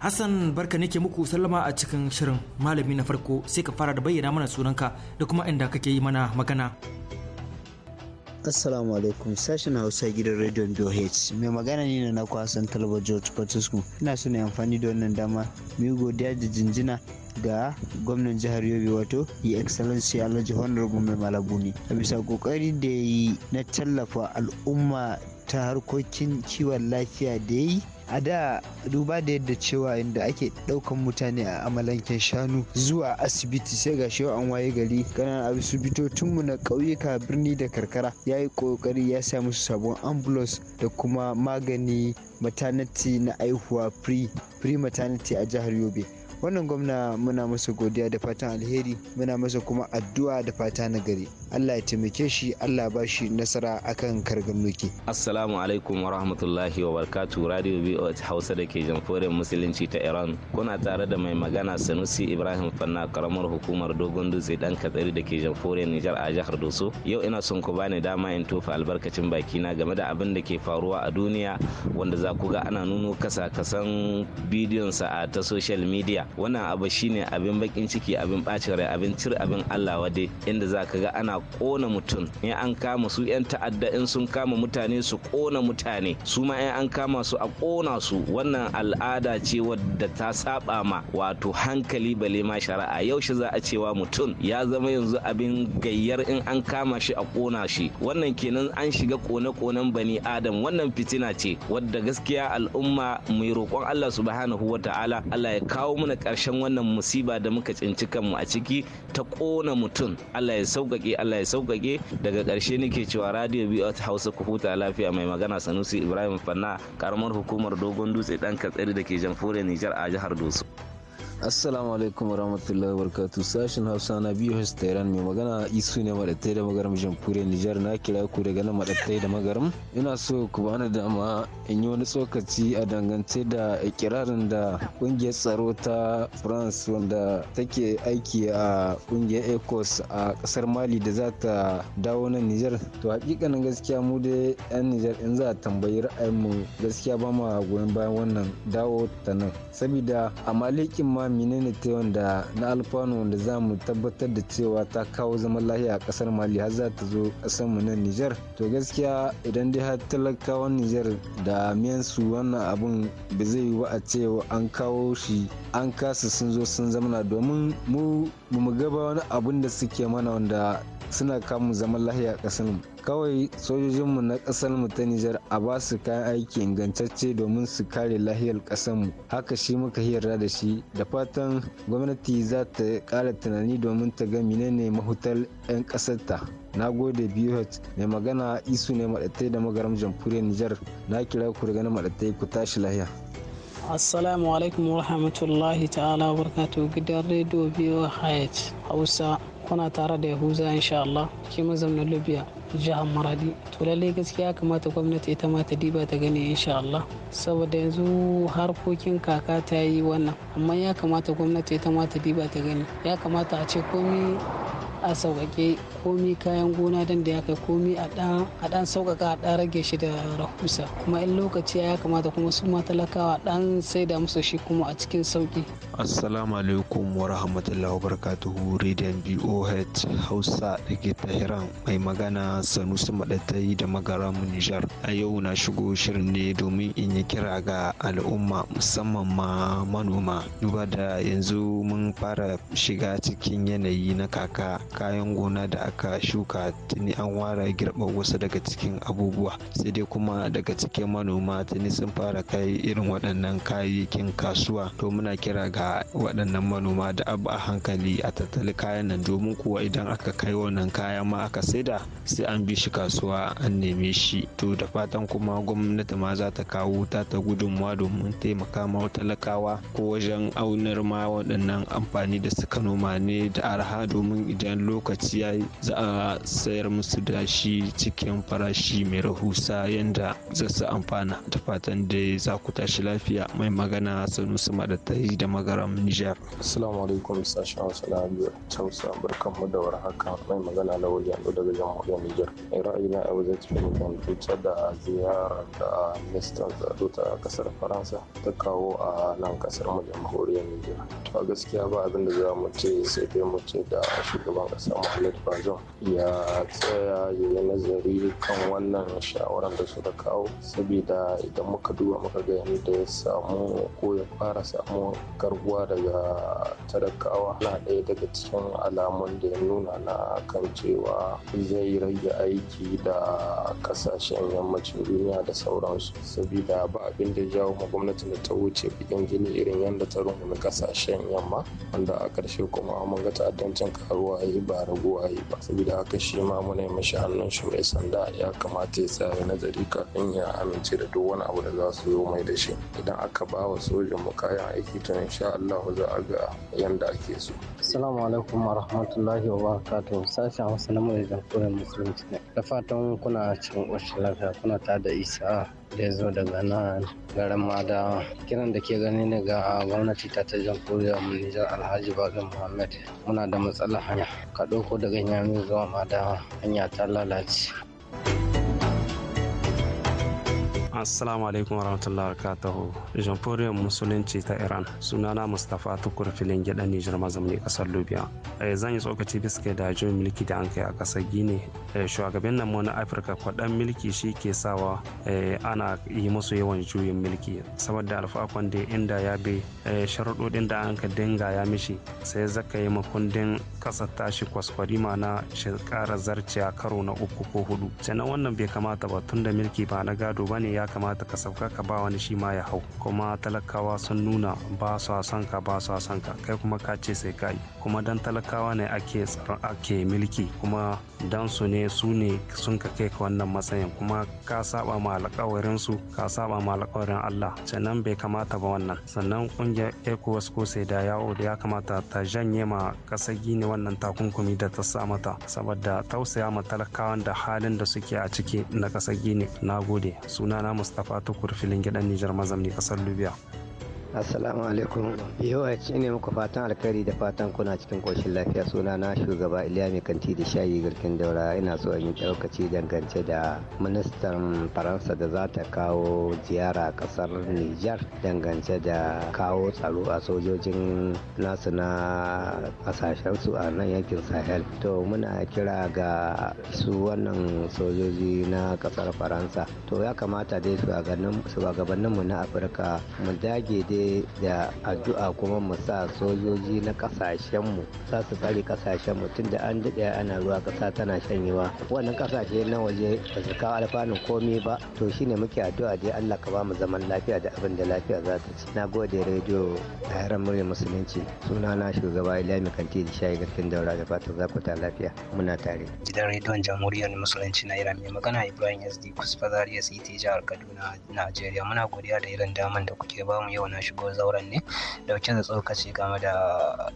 Hassan barka nake muku sallama a cikin shirin malami na farko sai ka fara da bayyana mana sunanka da kuma inda kake yi mana magana. Assalamu alaikum sashen Hausa gidan rediyon BOH mai magana ne na naku Hassan Talba George Patusku ina so ne amfani da wannan dama mu godiya da jinjina ga gwamnan jihar Yobe wato yi excellency Alhaji Honorable Mai Malabuni a bisa kokari da yi na tallafa al'umma ta harkokin kiwon lafiya da yi a da duba da yadda cewa inda ake daukan mutane a amalanke shanu zuwa asibiti sai ga shi an waye gari asibitocin mu na ƙauyuka birni da karkara ya yi ƙoƙari ya sa musu sabon ambulans da kuma magani maternity na aihuwa pre maternity a jihar yobe wannan gwamna muna masa godiya da fatan alheri muna masa kuma addu'a da fata na gari allah ya taimake shi allah ba shi nasara akan kargan assalamu alaikum wa rahmatullahi wa barkatu radio voh hausa da ke jamhuriyar musulunci ta iran kuna tare da mai magana sanusi ibrahim fanna karamar hukumar dogon dutse dan katsari da ke jamhuriyar nijar a jihar doso yau ina son ku bani dama in tofa albarkacin bakina game da abin da ke faruwa a duniya wanda za ku ga ana nuno kasa kasan sa a ta social media wannan abu shine abin bakin ciki abin bacin rai abin cir abin Allah wade inda za ka ga ana kona mutum in an kama su yan ta'adda in sun kama mutane su kona mutane su ma in an kama su a kona su wannan al'ada ce wadda ta saba ma wato hankali bale ma shari'a yaushe za a cewa mutum ya zama yanzu abin gayyar in an kama shi a kona shi wannan kenan an shiga kone-konen bani adam wannan fitina ce wadda gaskiya al'umma mai roƙon Allah subhanahu wa ta'ala Allah ya kawo mana karshen wannan musiba da muka tsinci kanmu a ciki ta ƙona mutum Allah ya sauƙaƙe Allah ya sauƙaƙe daga ƙarshe nake cewa radio biyu hausa ku huta lafiya mai magana sanusi ibrahim fanna karamar hukumar dogon dutse ɗan katsari da ke jamhuriyar nijar a jihar doso. assalamu alaikum wa wabarakatuh sashen hausa na biyu host tehran mai magana isu ne madattai da magaram jamhuriyar nijar na kira ku daga nan madattai da magaram ina so ku bani dama in yi wani tsokaci a dangance da ikirarin da kungiyar tsaro ta france wanda take aiki a kungiyar ecos a kasar mali da za ta dawo nan nijar to hakikanin gaskiya mu dai yan nijar in za a tambayi mu gaskiya ba ma goyon bayan wannan dawo ta nan saboda a malikin ma menene ta wanda na alfanu wanda za mu tabbatar da cewa ta kawo zama lahiya a kasar mali har za ta zo kasar mu na nijar to gaskiya idan dai har talakawan nijar da su wannan abun ba zai yi wa a cewa an kawo shi an kasa sun zo sun zamana domin mu mu gaba wani abun da suke mana wanda suna kamun zaman lahiya a mu kawai sojojinmu na ƙasar mu ta Nijar a ba su kayan aiki ingantacce domin su kare lahiyar ƙasar mu haka shi muka hira da shi da fatan gwamnati za ta ƙara tunani domin ta ga menene mahutar 'yan kasarta na gode bh mai magana isu ne maɗatai da magaram jamhuriyar nijar na kira ku daga na maɗatai ku tashi lahiya assalamu alaikum wa rahmatullahi ta'ala wa gidan rediyo biyo hayat hausa kuna tare da yahuza insha Allah ki mazaunin libya jihar maradi to lallai gaskiya kamata gwamnati ita ma ta diba ta gani insha Allah saboda yanzu harkokin kaka ta yi wannan amma ya kamata gwamnati ita ma ta diba ta gani ya kamata a ce komai a sauƙaƙe komi kayan gona dan da ya kai komi a ɗan sauƙaƙa a ɗan rage shi da rahusa kuma in lokaci ya kamata kuma su ma talakawa ɗan sai da musu shi kuma a cikin sauƙi. assalamu alaikum wa rahmatullahi wa barakatuhu rediyon boh hausa da ke tahiran mai magana sanusi maɗatai da mu nijar a yau na shigo shirin ne domin in yi kira ga al'umma musamman ma manoma duba da yanzu mun fara shiga cikin yanayi na kaka kayan gona da aka shuka tuni an ware girba wasu daga cikin abubuwa sai dai kuma daga cikin manoma tuni sun fara kai irin waɗannan kayayyakin kasuwa to muna kira ga waɗannan manoma da abu a hankali a tattali kayan nan domin kuwa idan aka kai wannan kayan ma aka saida sai an bi shi kasuwa an neme shi to da fatan kuma gwamnati ma za ta kawo ta ta gudunmawa domin taimaka ma talakawa ko wajen aunar ma waɗannan amfani da suka noma ne da arha domin idan wannan lokaci ya yi za a sayar musu da shi cikin farashi mai rahusa yadda za su amfana da fatan da za ku tashi lafiya mai magana sanusi madatai da magaram nijar assalamu alaikum sashen wasu labiya tausa barkan mu da warhaka mai magana na wajen daga jamhuriyar nijar ra'ayina a wajen cikin kwamfuta da ziyarar da ministan tsaro ta kasar faransa ta kawo a nan kasar mu jamhuriyar nijar to a gaskiya ba abin da za mu ce sai dai mu ce da shugaban ƙasar Mohamed Bazoum ya tsaya ya yi nazari kan wannan shawarar da suka kawo saboda idan muka duba muka ga yadda ya samu ko ya fara samu garguwa daga talakawa na ɗaya daga cikin alamun da ya nuna na kan cewa zai rage aiki da kasashen yammacin duniya da sauransu saboda ba abin da jawo ma gwamnati da ta wuce bikin gini irin yadda ta rungumi kasashen yamma wanda a ƙarshe kuma mun ga ta'addancin karuwa ya ba raguwa yi ba saboda haka shi ma muna yi mashi hannun shi mai sanda ya kamata ya tsaya nazari kafin ya amince da duk wani abu da za su zo mai da shi idan aka ba wa sojan mu kayan aiki to insha Allah za a ga yanda ake so assalamu alaikum wa rahmatullahi wa barakatuh sashen Hausa na mai jamhuriyar musulunci ne da fatan kuna cikin ƙoshin lafiya kuna ta da isa da ya zo daga nan garin mada kiran da ke gani daga gwamnati ta ta jamhuriyar nijar alhaji bagin muhammad muna da matsalar hanya ka ɗauko daga yami zuwa mada hanya ta lalace assalamu alaikum warahmatullahi wabarakatuhu jamhuriyar musulunci ta iran sunana mustapha tukur filin gida nijar mazamni kasar libya eh, zan yi tsokaci biske da juyin mulki da an kai a kasar gini eh, shugaban nan na afirka kwaɗan mulki shi ke sawa eh, ana yi musu yawan juyin mulki saboda alfakon da inda ya bi sharuɗoɗin da an ka dinga ya mishi sai zaka yi makundin ƙasar tashi kwaskwarima na shi ƙara zarciya karo na uku ko hudu sannan wannan bai kamata ba tunda da mulki ba na gado bane ya kamata ka sauka ka ba wani shi ma ya hau kuma talakawa sun nuna ba su son ka ba su son ka kai kuma ka ce sai ka kuma dan talakawa ne ake tsaron ake milki kuma dan su ne su ne sun ka kai ka wannan matsayin kuma ka saba ma alƙawarin su ka saba ma alƙawarin Allah sannan bai kamata ba wannan sannan kungiyar ECOWAS ko sai da yawo da ya kamata ta janye ma kasar Gini wannan takunkumi da ta sa mata saboda tausaya ma talakawan da halin da suke a ciki na kasar Gini na gode sunana mustapha tukur filin gidan nijar mazamni kasar libya Assalamu alaikum. BOH ne muku fatan alkhairi da fatan kuna cikin koshin lafiya suna na shugaba Iliya mai kanti da shayi garkin daura ina so in daukaci dangance da ministan Faransa da za ta kawo ziyara kasar Nijar dangance da kawo tsaro a sojojin nasu na kasashen su a nan yankin Sahel. To muna kira ga su wannan sojoji na kasar Faransa. To ya kamata dai shugabanninmu na Afirka mu dage dai da addu'a kuma mu sa sojoji na kasashenmu sa su tsare kasashenmu tun da an daɗe ana ruwa ƙasa tana shanyewa wannan kasashe na waje ba su kawo alfanun komai ba to shine muke addu'a dai Allah ka ba mu zaman lafiya da abin da lafiya za ta ci na gode rediyo a heran murya musulunci suna na shugaba ilami kanti da shayi gaskin daura da fatan za ku ta lafiya muna tare gidan rediyon jamhuriyar musulunci na iran mai magana ibrahim sd kusfa zariya city jihar kaduna najeriya muna godiya da irin daman da kuke bamu yau na shigo zauren ne dauke da tsokaci game da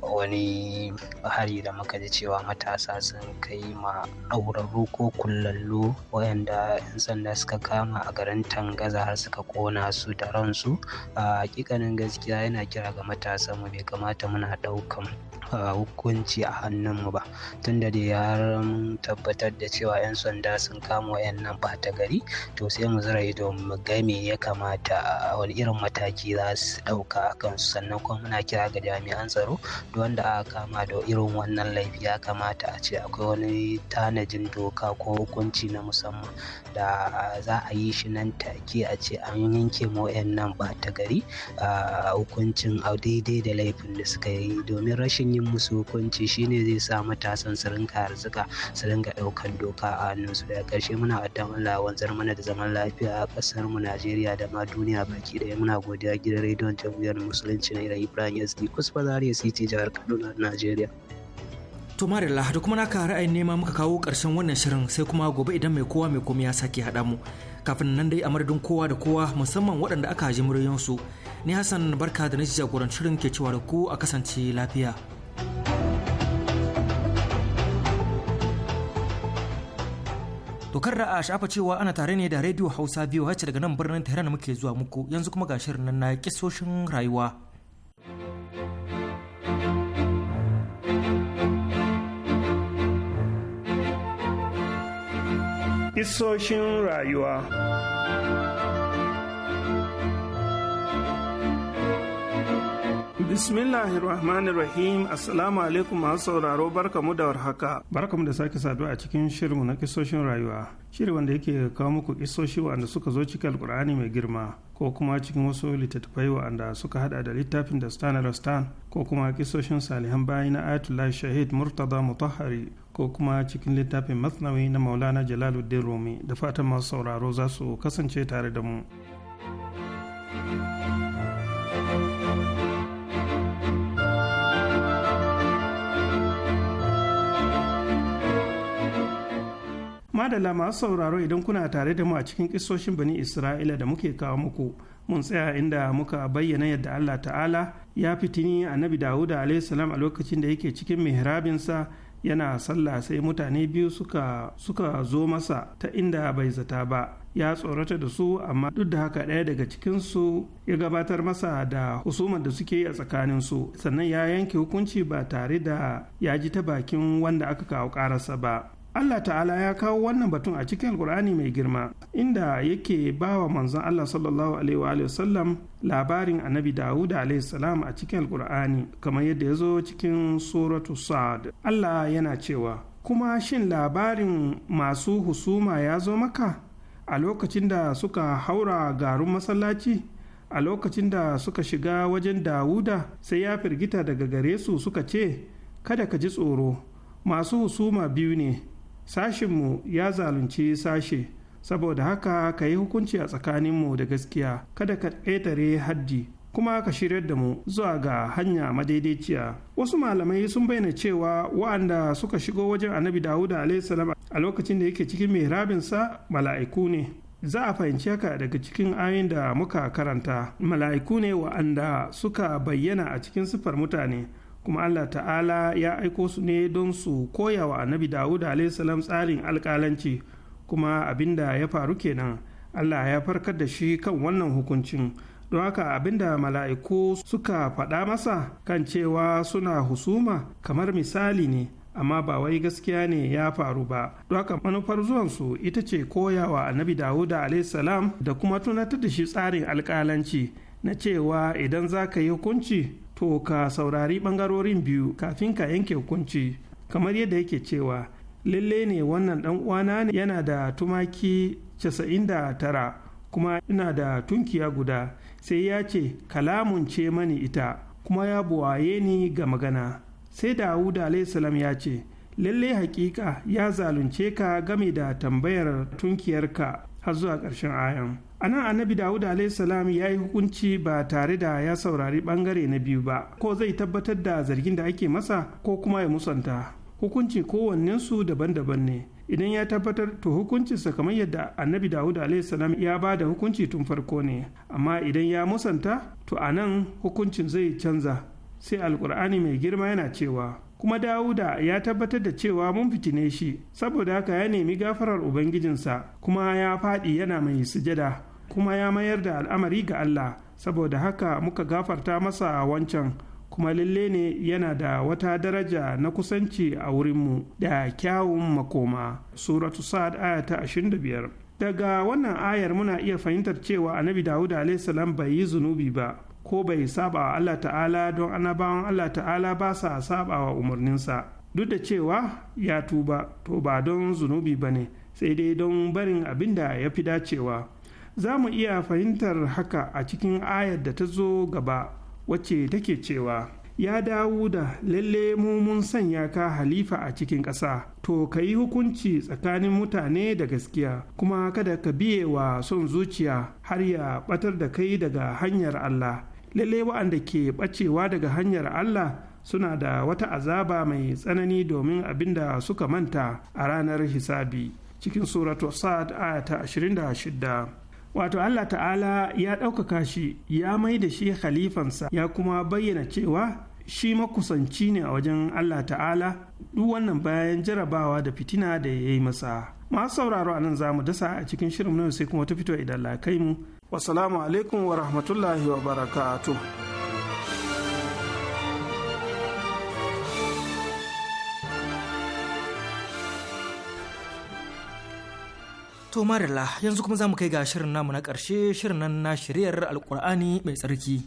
wani hari da muka ji cewa matasa sun kai ma aurarru ko kullallu wayanda 'yan sanda suka kama a garin tangaza har suka kona su da ransu a hakikanin gaskiya yana kira ga matasan mu bai kamata muna daukan hukunci a hannun mu ba tunda da ya tabbatar da cewa 'yan sanda sun kama wayannan ta gari to sai mu zira ido mu ga me ya kamata wani irin mataki za su ɗauka a kansu sannan kuma muna kira ga jami'an tsaro da wanda aka kama da irin wannan laifi ya kamata a ce akwai wani tanajin doka ko hukunci na musamman da za a yi shi nan take a ce an yanke ma wayannan ɓata gari a hukuncin a daidai da laifin da suka yi domin rashin yin musu hukunci shine zai sa matasan su rinka arzika su rinka ɗaukan doka a hannunsu daga ƙarshe muna a Allah wanzar mana da zaman lafiya a ƙasarmu Najeriya da ma duniya baki ɗaya muna godiya gidan rediyon shugaban jam'iyyar musulunci na iran ibrahim sd ya zaria siti jihar kaduna najeriya to marilla da kuma naka ra'ayin nema muka kawo karshen wannan shirin sai kuma gobe idan mai kowa mai komai ya sake haɗa mu kafin nan dai a madadin kowa da kowa musamman waɗanda aka ji muryoyinsu ni hassan barka da na jagorancin shirin ke cewa da ku a kasance lafiya. To da a shafa cewa ana tare ne da Radio Hausa biyu wacce daga nan birnin Tehran muke zuwa muku yanzu kuma ga shirin nan na kisoshin rayuwa. Kisoshin rayuwa. Bismillahirrahmanirrahim Assalamu alaikum masu sauraro barkamu da warhaka. Barkamu da sake saduwa a cikin shirinmu na kisoshin rayuwa. Shiri wanda yake kawo muku kisoshi wanda suka zo cikin alkur'ani mai girma ko kuma cikin wasu littattafai wanda suka hada da littafin da Stan Rastan ko kuma kisoshin salihan bayi na Ayatollah Shahid Murtada Mutahari ko kuma cikin littafin Masnawi na Maulana Jalaluddin Rumi da fatan masu sauraro za su kasance tare da mu. madalla masu sauraro idan kuna tare da mu a cikin kisoshin bani isra'ila da muke kawo muku mun tsaya inda muka bayyana yadda allah ta'ala ya fitini annabi dawuda alaihissalam a lokacin da yake cikin mihrabinsa yana sallah sai mutane biyu suka suka zo masa ta inda bai zata ba ya tsorata da su amma duk da haka ɗaya daga cikinsu ya gabatar masa da husumar da suke yi a tsakaninsu sannan ya yanke hukunci ba tare da ya ji ta bakin wanda aka kawo ƙararsa ba Allah ta'ala ya kawo wannan batun a cikin alkur'ani mai girma inda yake bawa wa manzon Allah sallallahu alaihi wa labarin annabi Dawud alaihi salam a cikin alkur'ani kamar yadda ya zo cikin suratu Sa'ad Allah yana cewa kuma shin labarin masu husuma ya zo maka a lokacin da suka haura garin masallaci a lokacin da suka shiga wajen Dawuda sai ya firgita daga gare su suka ce kada ka ji tsoro masu husuma biyu ne sashinmu ya zalunci sashe saboda haka ka yi hukunci a tsakaninmu da gaskiya kada ka ƙetare haddi kuma ka shiryar da mu zuwa ga hanya madaidaiciya wasu malamai sun bayyana cewa wa'anda suka shigo wajen annabi dawuda alaihissalam a lokacin da yake cikin mihrabinsa mala'iku ne za a fahimci haka daga cikin ayin da muka karanta mala'iku ne wa'anda suka bayyana a cikin siffar mutane kuma Allah ta'ala ya aiko su ne don su koya wa annabi Dawud salam tsarin alƙalanci kuma abinda ya faru kenan Allah ya farkar da shi kan wannan hukuncin don haka abinda mala'iku suka faɗa masa kan cewa suna husuma kamar misali ne amma ba wai gaskiya ne ya faru ba don haka manufar zuwansu ita ce koyawa annabi dawuda salam da kuma tunatar da shi tsarin alƙalanci na cewa idan za ka yi hukunci to ka saurari ɓangarorin biyu kafin ka yanke hukunci kamar yadda yake cewa lalle ne wannan ɗan uwana yana da tumaki 99 kuma ina da tunkiya guda sai ya ce kalamun ce mani ita kuma ya buwaye ni ga magana sai dawud salam ya ce lalle hakika ya zalunce ka game da tambayar tunkiyarka har zuwa ƙarshen ayan a nan annabi dawud salam ya yi hukunci ba tare da ya saurari bangare na biyu ba ko zai tabbatar da zargin da ake masa ko kuma ya musanta hukunci kowannensu daban-daban ne idan ya tabbatar to hukuncinsa kamar yadda annabi dawud salam ya ba da hukunci tun farko ne amma idan ya musanta to a nan hukuncin zai canza sai alkur'ani mai girma yana cewa kuma dawuda ya tabbatar da cewa mun fitine shi saboda haka ya nemi gafarar ubangijinsa kuma ya faɗi yana mai sujada kuma ya mayar da al'amari ga Allah saboda haka muka gafarta masa wancan kuma lalle ne yana da wata daraja na kusanci a wurinmu da kyawun makoma suratu sa'ad aya ta biyar. daga wannan ayar muna iya fahimtar cewa annabi dawud salam bai yi zunubi ba ko bai saba wa Allah ta'ala don annabawan Allah ta'ala ba sa saba wa umarninsa duk da cewa ya tuba to ba don zunubi ba ne sai dai don barin abinda ya fi dacewa za mu iya fahimtar haka a cikin ayar da ta zo gaba wacce take cewa ya dawo da lalle mu mun sanya ka halifa a cikin ƙasa to ka yi hukunci tsakanin mutane da gaskiya kuma kada ka biye wa son zuciya har ya batar da kai daga hanyar Allah lalle waɗanda ke ɓacewa daga hanyar Allah suna da wata azaba mai tsanani domin abin da suka manta a ranar hisabi cikin suratu sa'ad aya ta 26 wato Allah ta'ala ya ɗaukaka shi ya mai da shi khalifansa ya kuma bayyana cewa shi makusanci ne a wajen Allah ta'ala duk wannan bayan jarabawa da fitina da ya yi masa masu sauraro a nan zamu dasa a cikin shirin na sai kuma ta fito idan la kai mu wasalamu alaikum wa rahmatullahi wa barakatuh To marilla yanzu kuma zamu kai ga shirin namu na ƙarshe shirin nan na shiryar alkur'ani mai tsarki.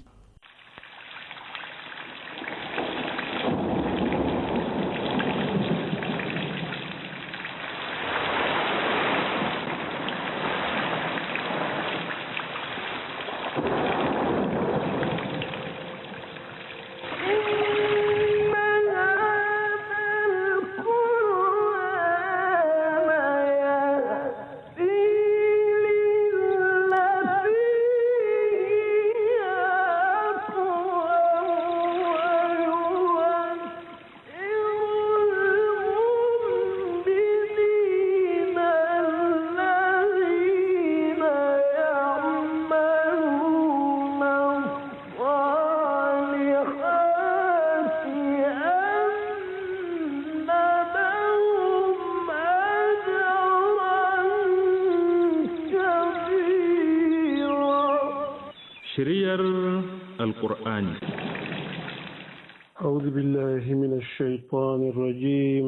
أعوذ بالله من الشيطان الرجيم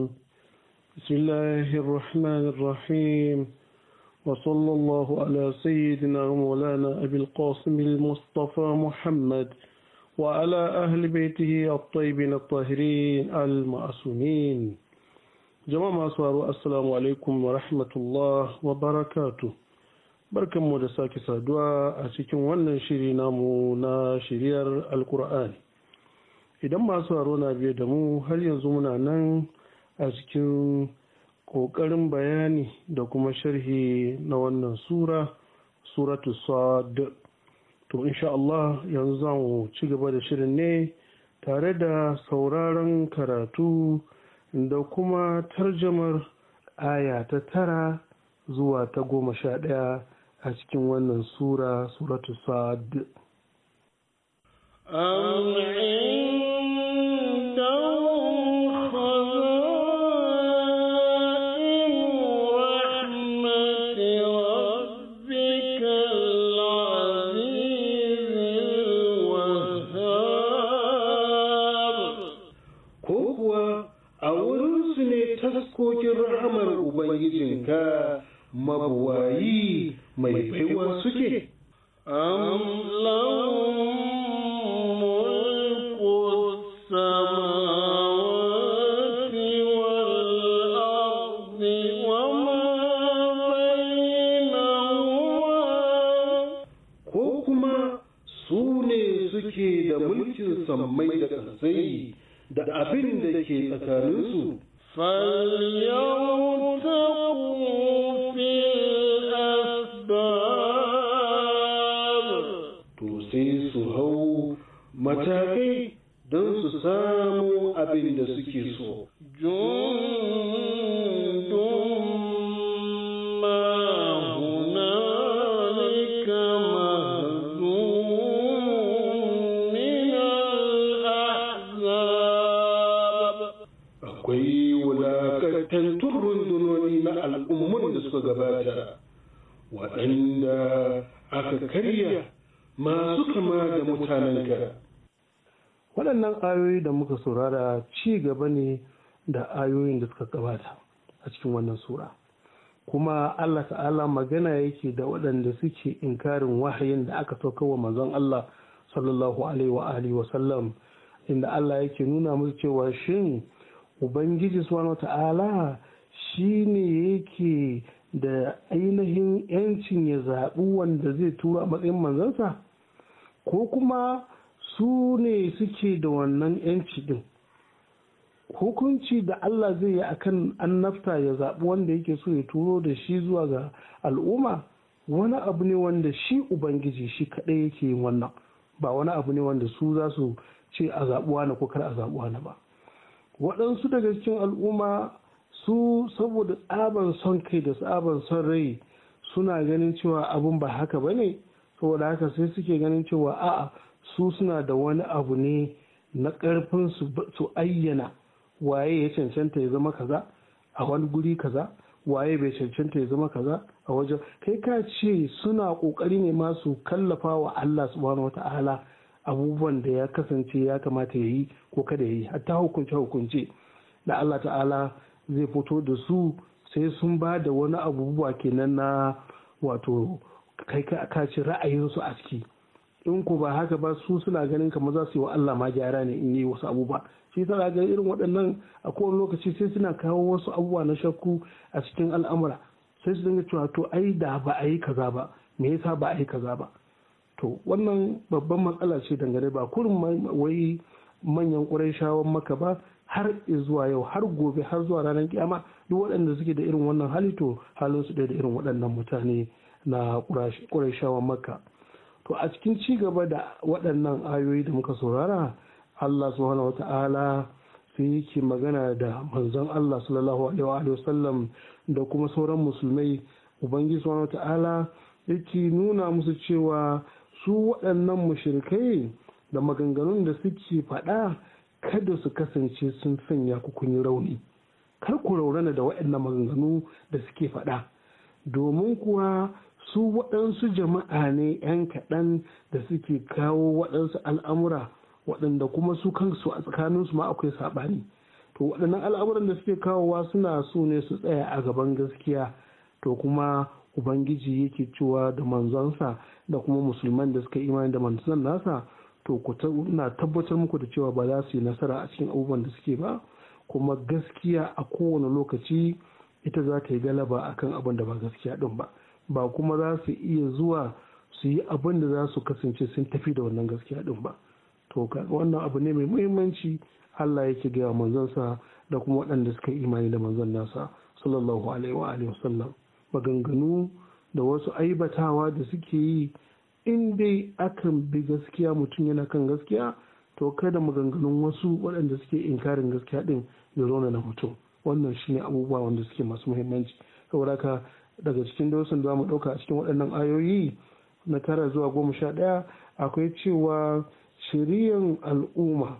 بسم الله الرحمن الرحيم وصلى الله على سيدنا مولانا أبي القاسم المصطفى محمد وعلى أهل بيته الطيبين الطاهرين المعصومين جماعة أسوار السلام عليكم ورحمة الله وبركاته بركة مدساك سادوا أسيكم وننشرنا منا شرير القرآن idan masu haro na biyu da mu har yanzu muna nan a cikin ƙoƙarin bayani da kuma sharhi na wannan sura suratu sad to insha Allah yanzu za mu ci gaba da shirin ne tare da sauraron karatu da kuma tarjamar aya ta tara zuwa ta goma sha ɗaya a cikin wannan sura suratu sad irinka mabuwayi mai baiwa suke am kuma su ne suke da mulkin sammai da ƙasai da abin da ke tsakaninsu. فاليوم matakai don su samu abin da suke so saurara ci gaba ne da ayoyin da suka gabata a cikin wannan sura kuma Allah ta'ala magana yake da waɗanda suke inkarin wahayin da aka sauka wa manzon Allah sallallahu alaihi wa alihi wa sallam inda Allah yake nuna musu cewa shin ubangiji subhanahu ta'ala shine yake da ainihin yancin ya zaɓi wanda zai tura matsayin manzansa ko kuma su ne suke da wannan yanci din hukunci da Allah zai yi akan annabta ya zaɓi wanda yake so ya turo da shi zuwa ga al'umma wani abu ne wanda shi ubangiji shi kaɗai yake yin wannan ba wani abu ne wanda su za su ce a zaɓuwa na ko kar a zaɓuwa na ba waɗansu daga cikin al'umma su saboda tsaban son kai da tsaban son rai suna ganin cewa abun ba haka ba ne saboda haka sai suke ganin cewa a'a su suna da wani abu ne na ƙarfin su ayyana waye ya cancanta ya zama kaza a wani guri kaza waye bai cancanta ya zama kaza a wajen kai ka ce suna ƙoƙari ne masu kallafa wa Allah subhanahu ta'ala abubuwan da ya kasance ya kamata ya yi ko kada ya yi hatta hukunce hukunce da Allah ta'ala zai fito da su sai sun ba da wani abubuwa kenan na wato kai ka ci ra'ayinsu a ciki in ku ba haka ba su suna ganin kamar za su yi wa Allah ma gyara ne in yi wasu abubuwa shi yasa ga irin waɗannan a kowane lokaci sai suna kawo wasu abubuwa na shakku a cikin al'amura sai su dinga cewa to ai da ba a yi kaza ba me yasa ba a yi kaza ba to wannan babban matsala ce dangane ba kurin wai manyan shawon maka ba har zuwa yau har gobe har zuwa ranar kiyama duk waɗanda suke da irin wannan hali to halin su da irin waɗannan mutane na shawon maka to a cikin ci gaba da waɗannan ayoyi da muka saurara Allah subhanahu ta'ala sai yake magana da manzon Allah sallallahu alaihi wa sallam da kuma sauran musulmai ubangiji subhanahu ta'ala yake nuna musu cewa su waɗannan mushrikai da maganganun da suke faɗa kada su kasance sun sanya ku kun yi rauni kar ku raurana da waɗannan maganganu da suke faɗa domin kuwa su waɗansu jama'a ne 'yan kaɗan da suke kawo waɗansu al'amura waɗanda kuma su kansu a tsakaninsu ma akwai saɓani to waɗannan al'amuran da suke kawowa suna so ne su tsaya a gaban gaskiya to kuma ubangiji yake cewa da manzonsa da kuma musulman da suka imani da manzon nasa to ku na tabbatar muku da cewa ba za su yi nasara a cikin abubuwan da suke ba kuma gaskiya a kowane lokaci ita za ta yi galaba akan abin da ba gaskiya ɗin ba ba kuma za su iya zuwa su yi abin da za su kasance sun tafi da wannan gaskiya din ba to wannan abu ne mai muhimmanci Allah yake gaya manzansa da kuma waɗanda suka imani da manzon nasa sallallahu alaihi wa alihi wasallam maganganu da wasu aibatawa da suke yi in dai akan bi gaskiya mutum yana kan gaskiya to kada maganganun wasu waɗanda suke inkarin gaskiya din ya zo na mutum wannan shine abubuwa wanda suke masu muhimmanci saboda haka daga cikin dosin za mu ɗauka a cikin waɗannan ayoyi na tara zuwa goma sha ɗaya akwai cewa shiriyan al'umma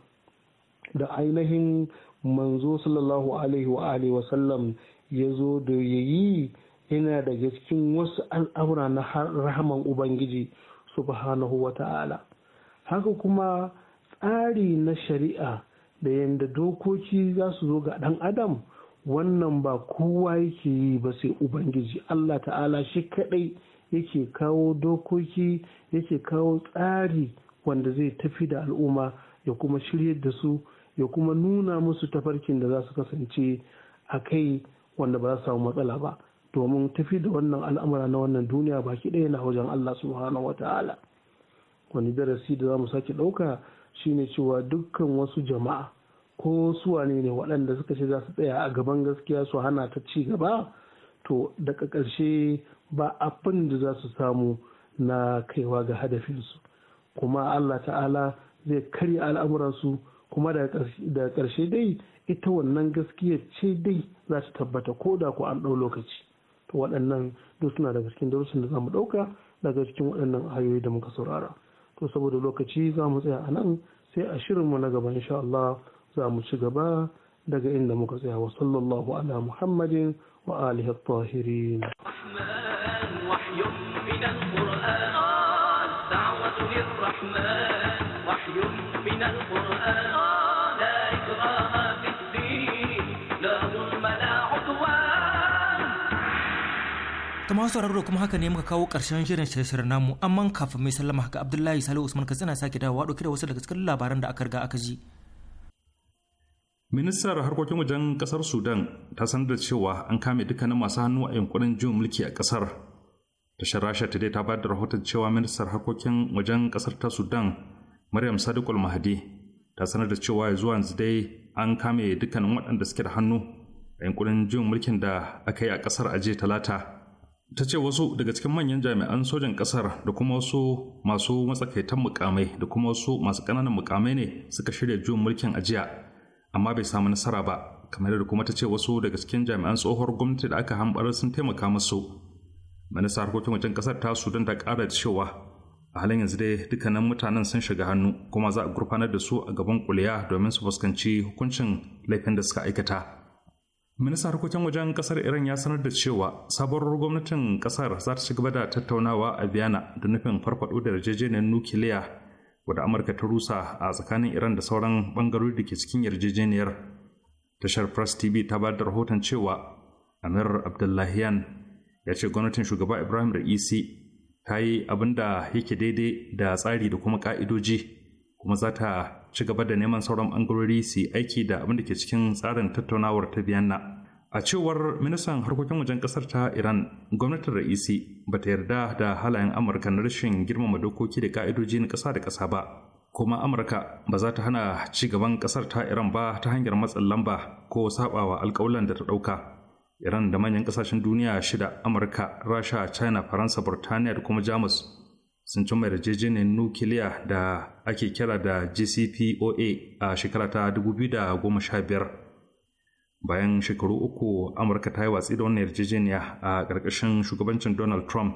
da ainihin manzo sallallahu alaihi wa alihi wa sallam ya zo da yayi yana daga cikin wasu al'amura na Rahman ubangiji subhanahu wa ta'ala haka kuma tsari na shari'a da yadda dokoki za su zo ga ɗan adam wannan ba kowa yake yi ba sai ubangiji allah ta'ala shi kadai yake kawo dokoki yake kawo tsari wanda zai tafi da al'umma ya kuma shiryar da su ya kuma nuna musu tafarkin da za su kasance a kai wanda ba za su samu matsala ba domin tafi da wannan al'amura na wannan duniya baki ɗaya na wajen allah subhanahu wa ta'ala wani darasi da za mu sake ɗauka shine cewa dukkan wasu jama'a ko wane ne waɗanda suka ce za su tsaya a gaban gaskiya su hana ta ci gaba to daga ƙarshe ba abin da za su samu na kaiwa ga hadafinsu kuma allah ta'ala zai karya al'amuransu kuma da ƙarshe dai ita wannan gaskiya ce dai za ta tabbata ko da ku an ɗau lokaci to waɗannan duk suna daga cikin darussan da za mu ɗauka daga cikin waɗannan ayoyi da muka saurara to saboda lokaci za mu tsaya a nan sai a shirinmu na gaba insha Allah za mu ci gaba daga inda muka tsaya wa sallallahu ala muhammadin wa alihi tahirin ta masu sauraro kuma haka ne muka kawo karshen shirin shirin namu amma kafin mai sallama haka abdullahi salihu usman katsina sake dawowa dauke da wasu daga cikin labaran da aka riga aka ji ministar harkokin wajen kasar sudan ta sanar da cewa an kame dukkanin masu hannu a yankunan juyin mulki a kasar tashar rasha dai ta bayar da rahoton cewa ministar harkokin wajen kasar ta sudan maryam sadiqul Mahdi ta sanar da cewa zuwa yanzu dai an kame dukkanin waɗanda suke da hannu a yankunan juyin mulkin da aka yi a kasar a jiya talata ta ce wasu daga cikin manyan jami'an sojan kasar da kuma wasu masu matsakaitan mukamai da kuma wasu masu ƙananan mukamai ne suka shirya juyin mulkin a jiya amma bai samu nasara ba kamar da kuma ta ce wasu daga cikin jami'an tsohuwar gwamnati da aka hambarar sun taimaka musu minista harkokin wajen kasar ta sudan ta kara da cewa a halin yanzu dai dukkanin mutanen sun shiga hannu kuma za a gurfanar da su a gaban kuliya domin su fuskanci hukuncin laifin da suka aikata minista harkokin wajen kasar iran ya sanar da cewa sabuwar gwamnatin kasar za ta ci gaba da tattaunawa a biyana da nufin farfado da yarjejeniyar nukiliya wadda amurka ta rusa a tsakanin iran da sauran bangarori da ke cikin yarjejeniyar tashar press tv ta ba da rahoton cewa amir abdullahiyan ya ce gwamnatin shugaba ibrahim raisi ta yi abin da yake daidai da tsari da kuma ka'idoji kuma za ta ci gaba da neman sauran bangarori su aiki da abin da ke cikin tsarin tattaunawar ta biyanna a cewar ministan harkokin wajen kasar ta iran gwamnatin ra'isi ba ta yarda da halayen amurka na rashin girmama dokoki da ka'idoji na ƙasa da ƙasa ba kuma amurka ba za ta hana ci gaban ƙasar ta iran ba ta hanyar matsin lamba ko saɓawa alƙawulan da ta ɗauka iran da manyan ƙasashen duniya shida amurka rasha china faransa burtaniya da kuma jamus sun cimma yarjejeniyar nukiliya da ake kira da jcpoa a shekara ta 2015 bayan shekaru uku amurka ta yi watsi da wannan yarjejeniya a ƙarƙashin shugabancin donald trump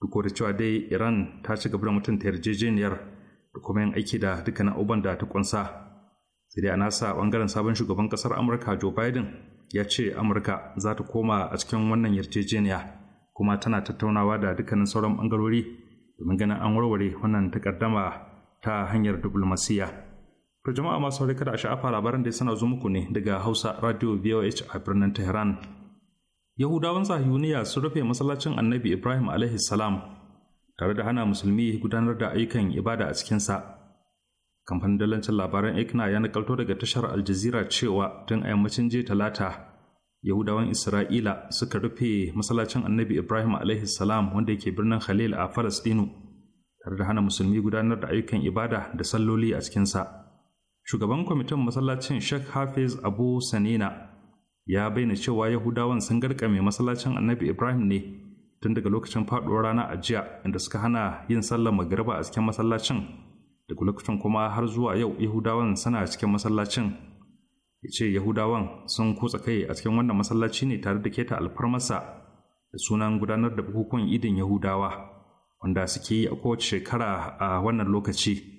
duk da cewa dai iran ta ci gaba da mutunta yarjejeniyar da kuma yin aiki da dukkanin abubuwan da ta kunsa sai dai a nasa bangaren sabon shugaban ƙasar amurka joe biden ya ce amurka za ta koma a cikin wannan yarjejeniya kuma tana tattaunawa da dukkanin sauran bangarori domin ganin an warware wannan takaddama ta hanyar diplomasiya. To jama'a masu saurari kada a sha'afa labaran da sana sanar muku ne daga Hausa Radio VOH a birnin Tehran. Yahudawan Zahiyuniya sun rufe masallacin Annabi Ibrahim alaihi salam tare da hana musulmi gudanar da ayyukan ibada a cikinsa. Kamfanin dalancin labaran Ikna ya nakalto daga tashar Al Jazeera cewa tun a yammacin jiya talata Yahudawan Isra'ila suka rufe masallacin Annabi Ibrahim alaihi salam wanda yake birnin Khalil a Falastinu tare da hana musulmi gudanar da ayyukan ibada da salloli a cikinsa. shugaban kwamitin masallacin Sheikh Hafiz Abu Sanina ya bayyana cewa Yahudawan sun garkame masallacin Annabi Ibrahim ne tun daga lokacin faɗuwar rana a jiya inda suka hana yin sallar magriba a cikin masallacin daga lokacin kuma har zuwa yau Yahudawan suna cikin masallacin ya ce Yahudawan sun kutsa kai a cikin wannan masallaci ne tare da keta alfarmarsa da sunan gudanar da bukukuwan idin Yahudawa wanda suke yi a kowace shekara a wannan lokaci.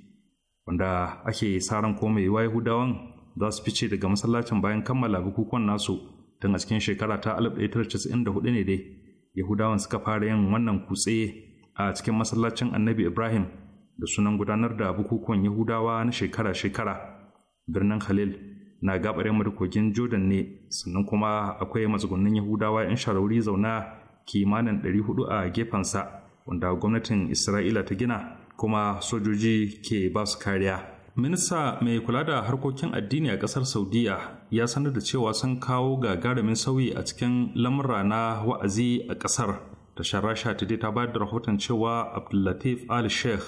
wanda ake saran ko mai yiwa yahudawan za su fice daga masallacin bayan kammala bukukuwan nasu tun a cikin shekara ta 1994 ne dai yahudawan suka fara yin wannan kutse a cikin masallacin annabi ibrahim da sunan gudanar da bukukuwan yahudawa na shekara-shekara birnin khalil na gabar yamma da kogin jordan ne sannan kuma akwai matsugunnin yahudawa 'yan sharauri zauna kimanin hudu a gefensa wanda gwamnatin isra'ila ta gina kuma sojoji ke ba su kariya minista mai kula da harkokin addini a ƙasar saudiya ya sanar da cewa sun kawo gagarumin sauyi a cikin lamura na wa'azi a ƙasar. tashar rasha today ta bayar da rahoton cewa abdullatif al sheikh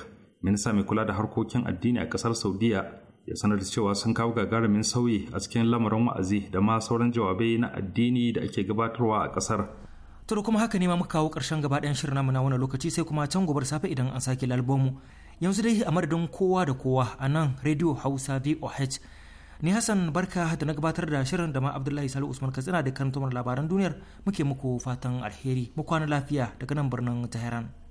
minista mai kula da harkokin addini a ƙasar saudiya ya sanar da cewa sun kawo gagarumin sauyi a cikin lamarin wa'azi da ma sauran jawabai na addini da ake gabatarwa a ƙasar. to kuma haka ne ma muka kawo ƙarshen gaba ɗayan shirin namu na wani lokaci sai kuma can gobar safe idan an sake lalbomu yanzu dai a madadin kowa da kowa a nan radio hausa voh ni hassan barka da na gabatar da shirin da ma abdullahi Salu usman katsina da kantumar labaran duniyar muke muku fatan alheri mu kwana lafiya daga nan birnin tehran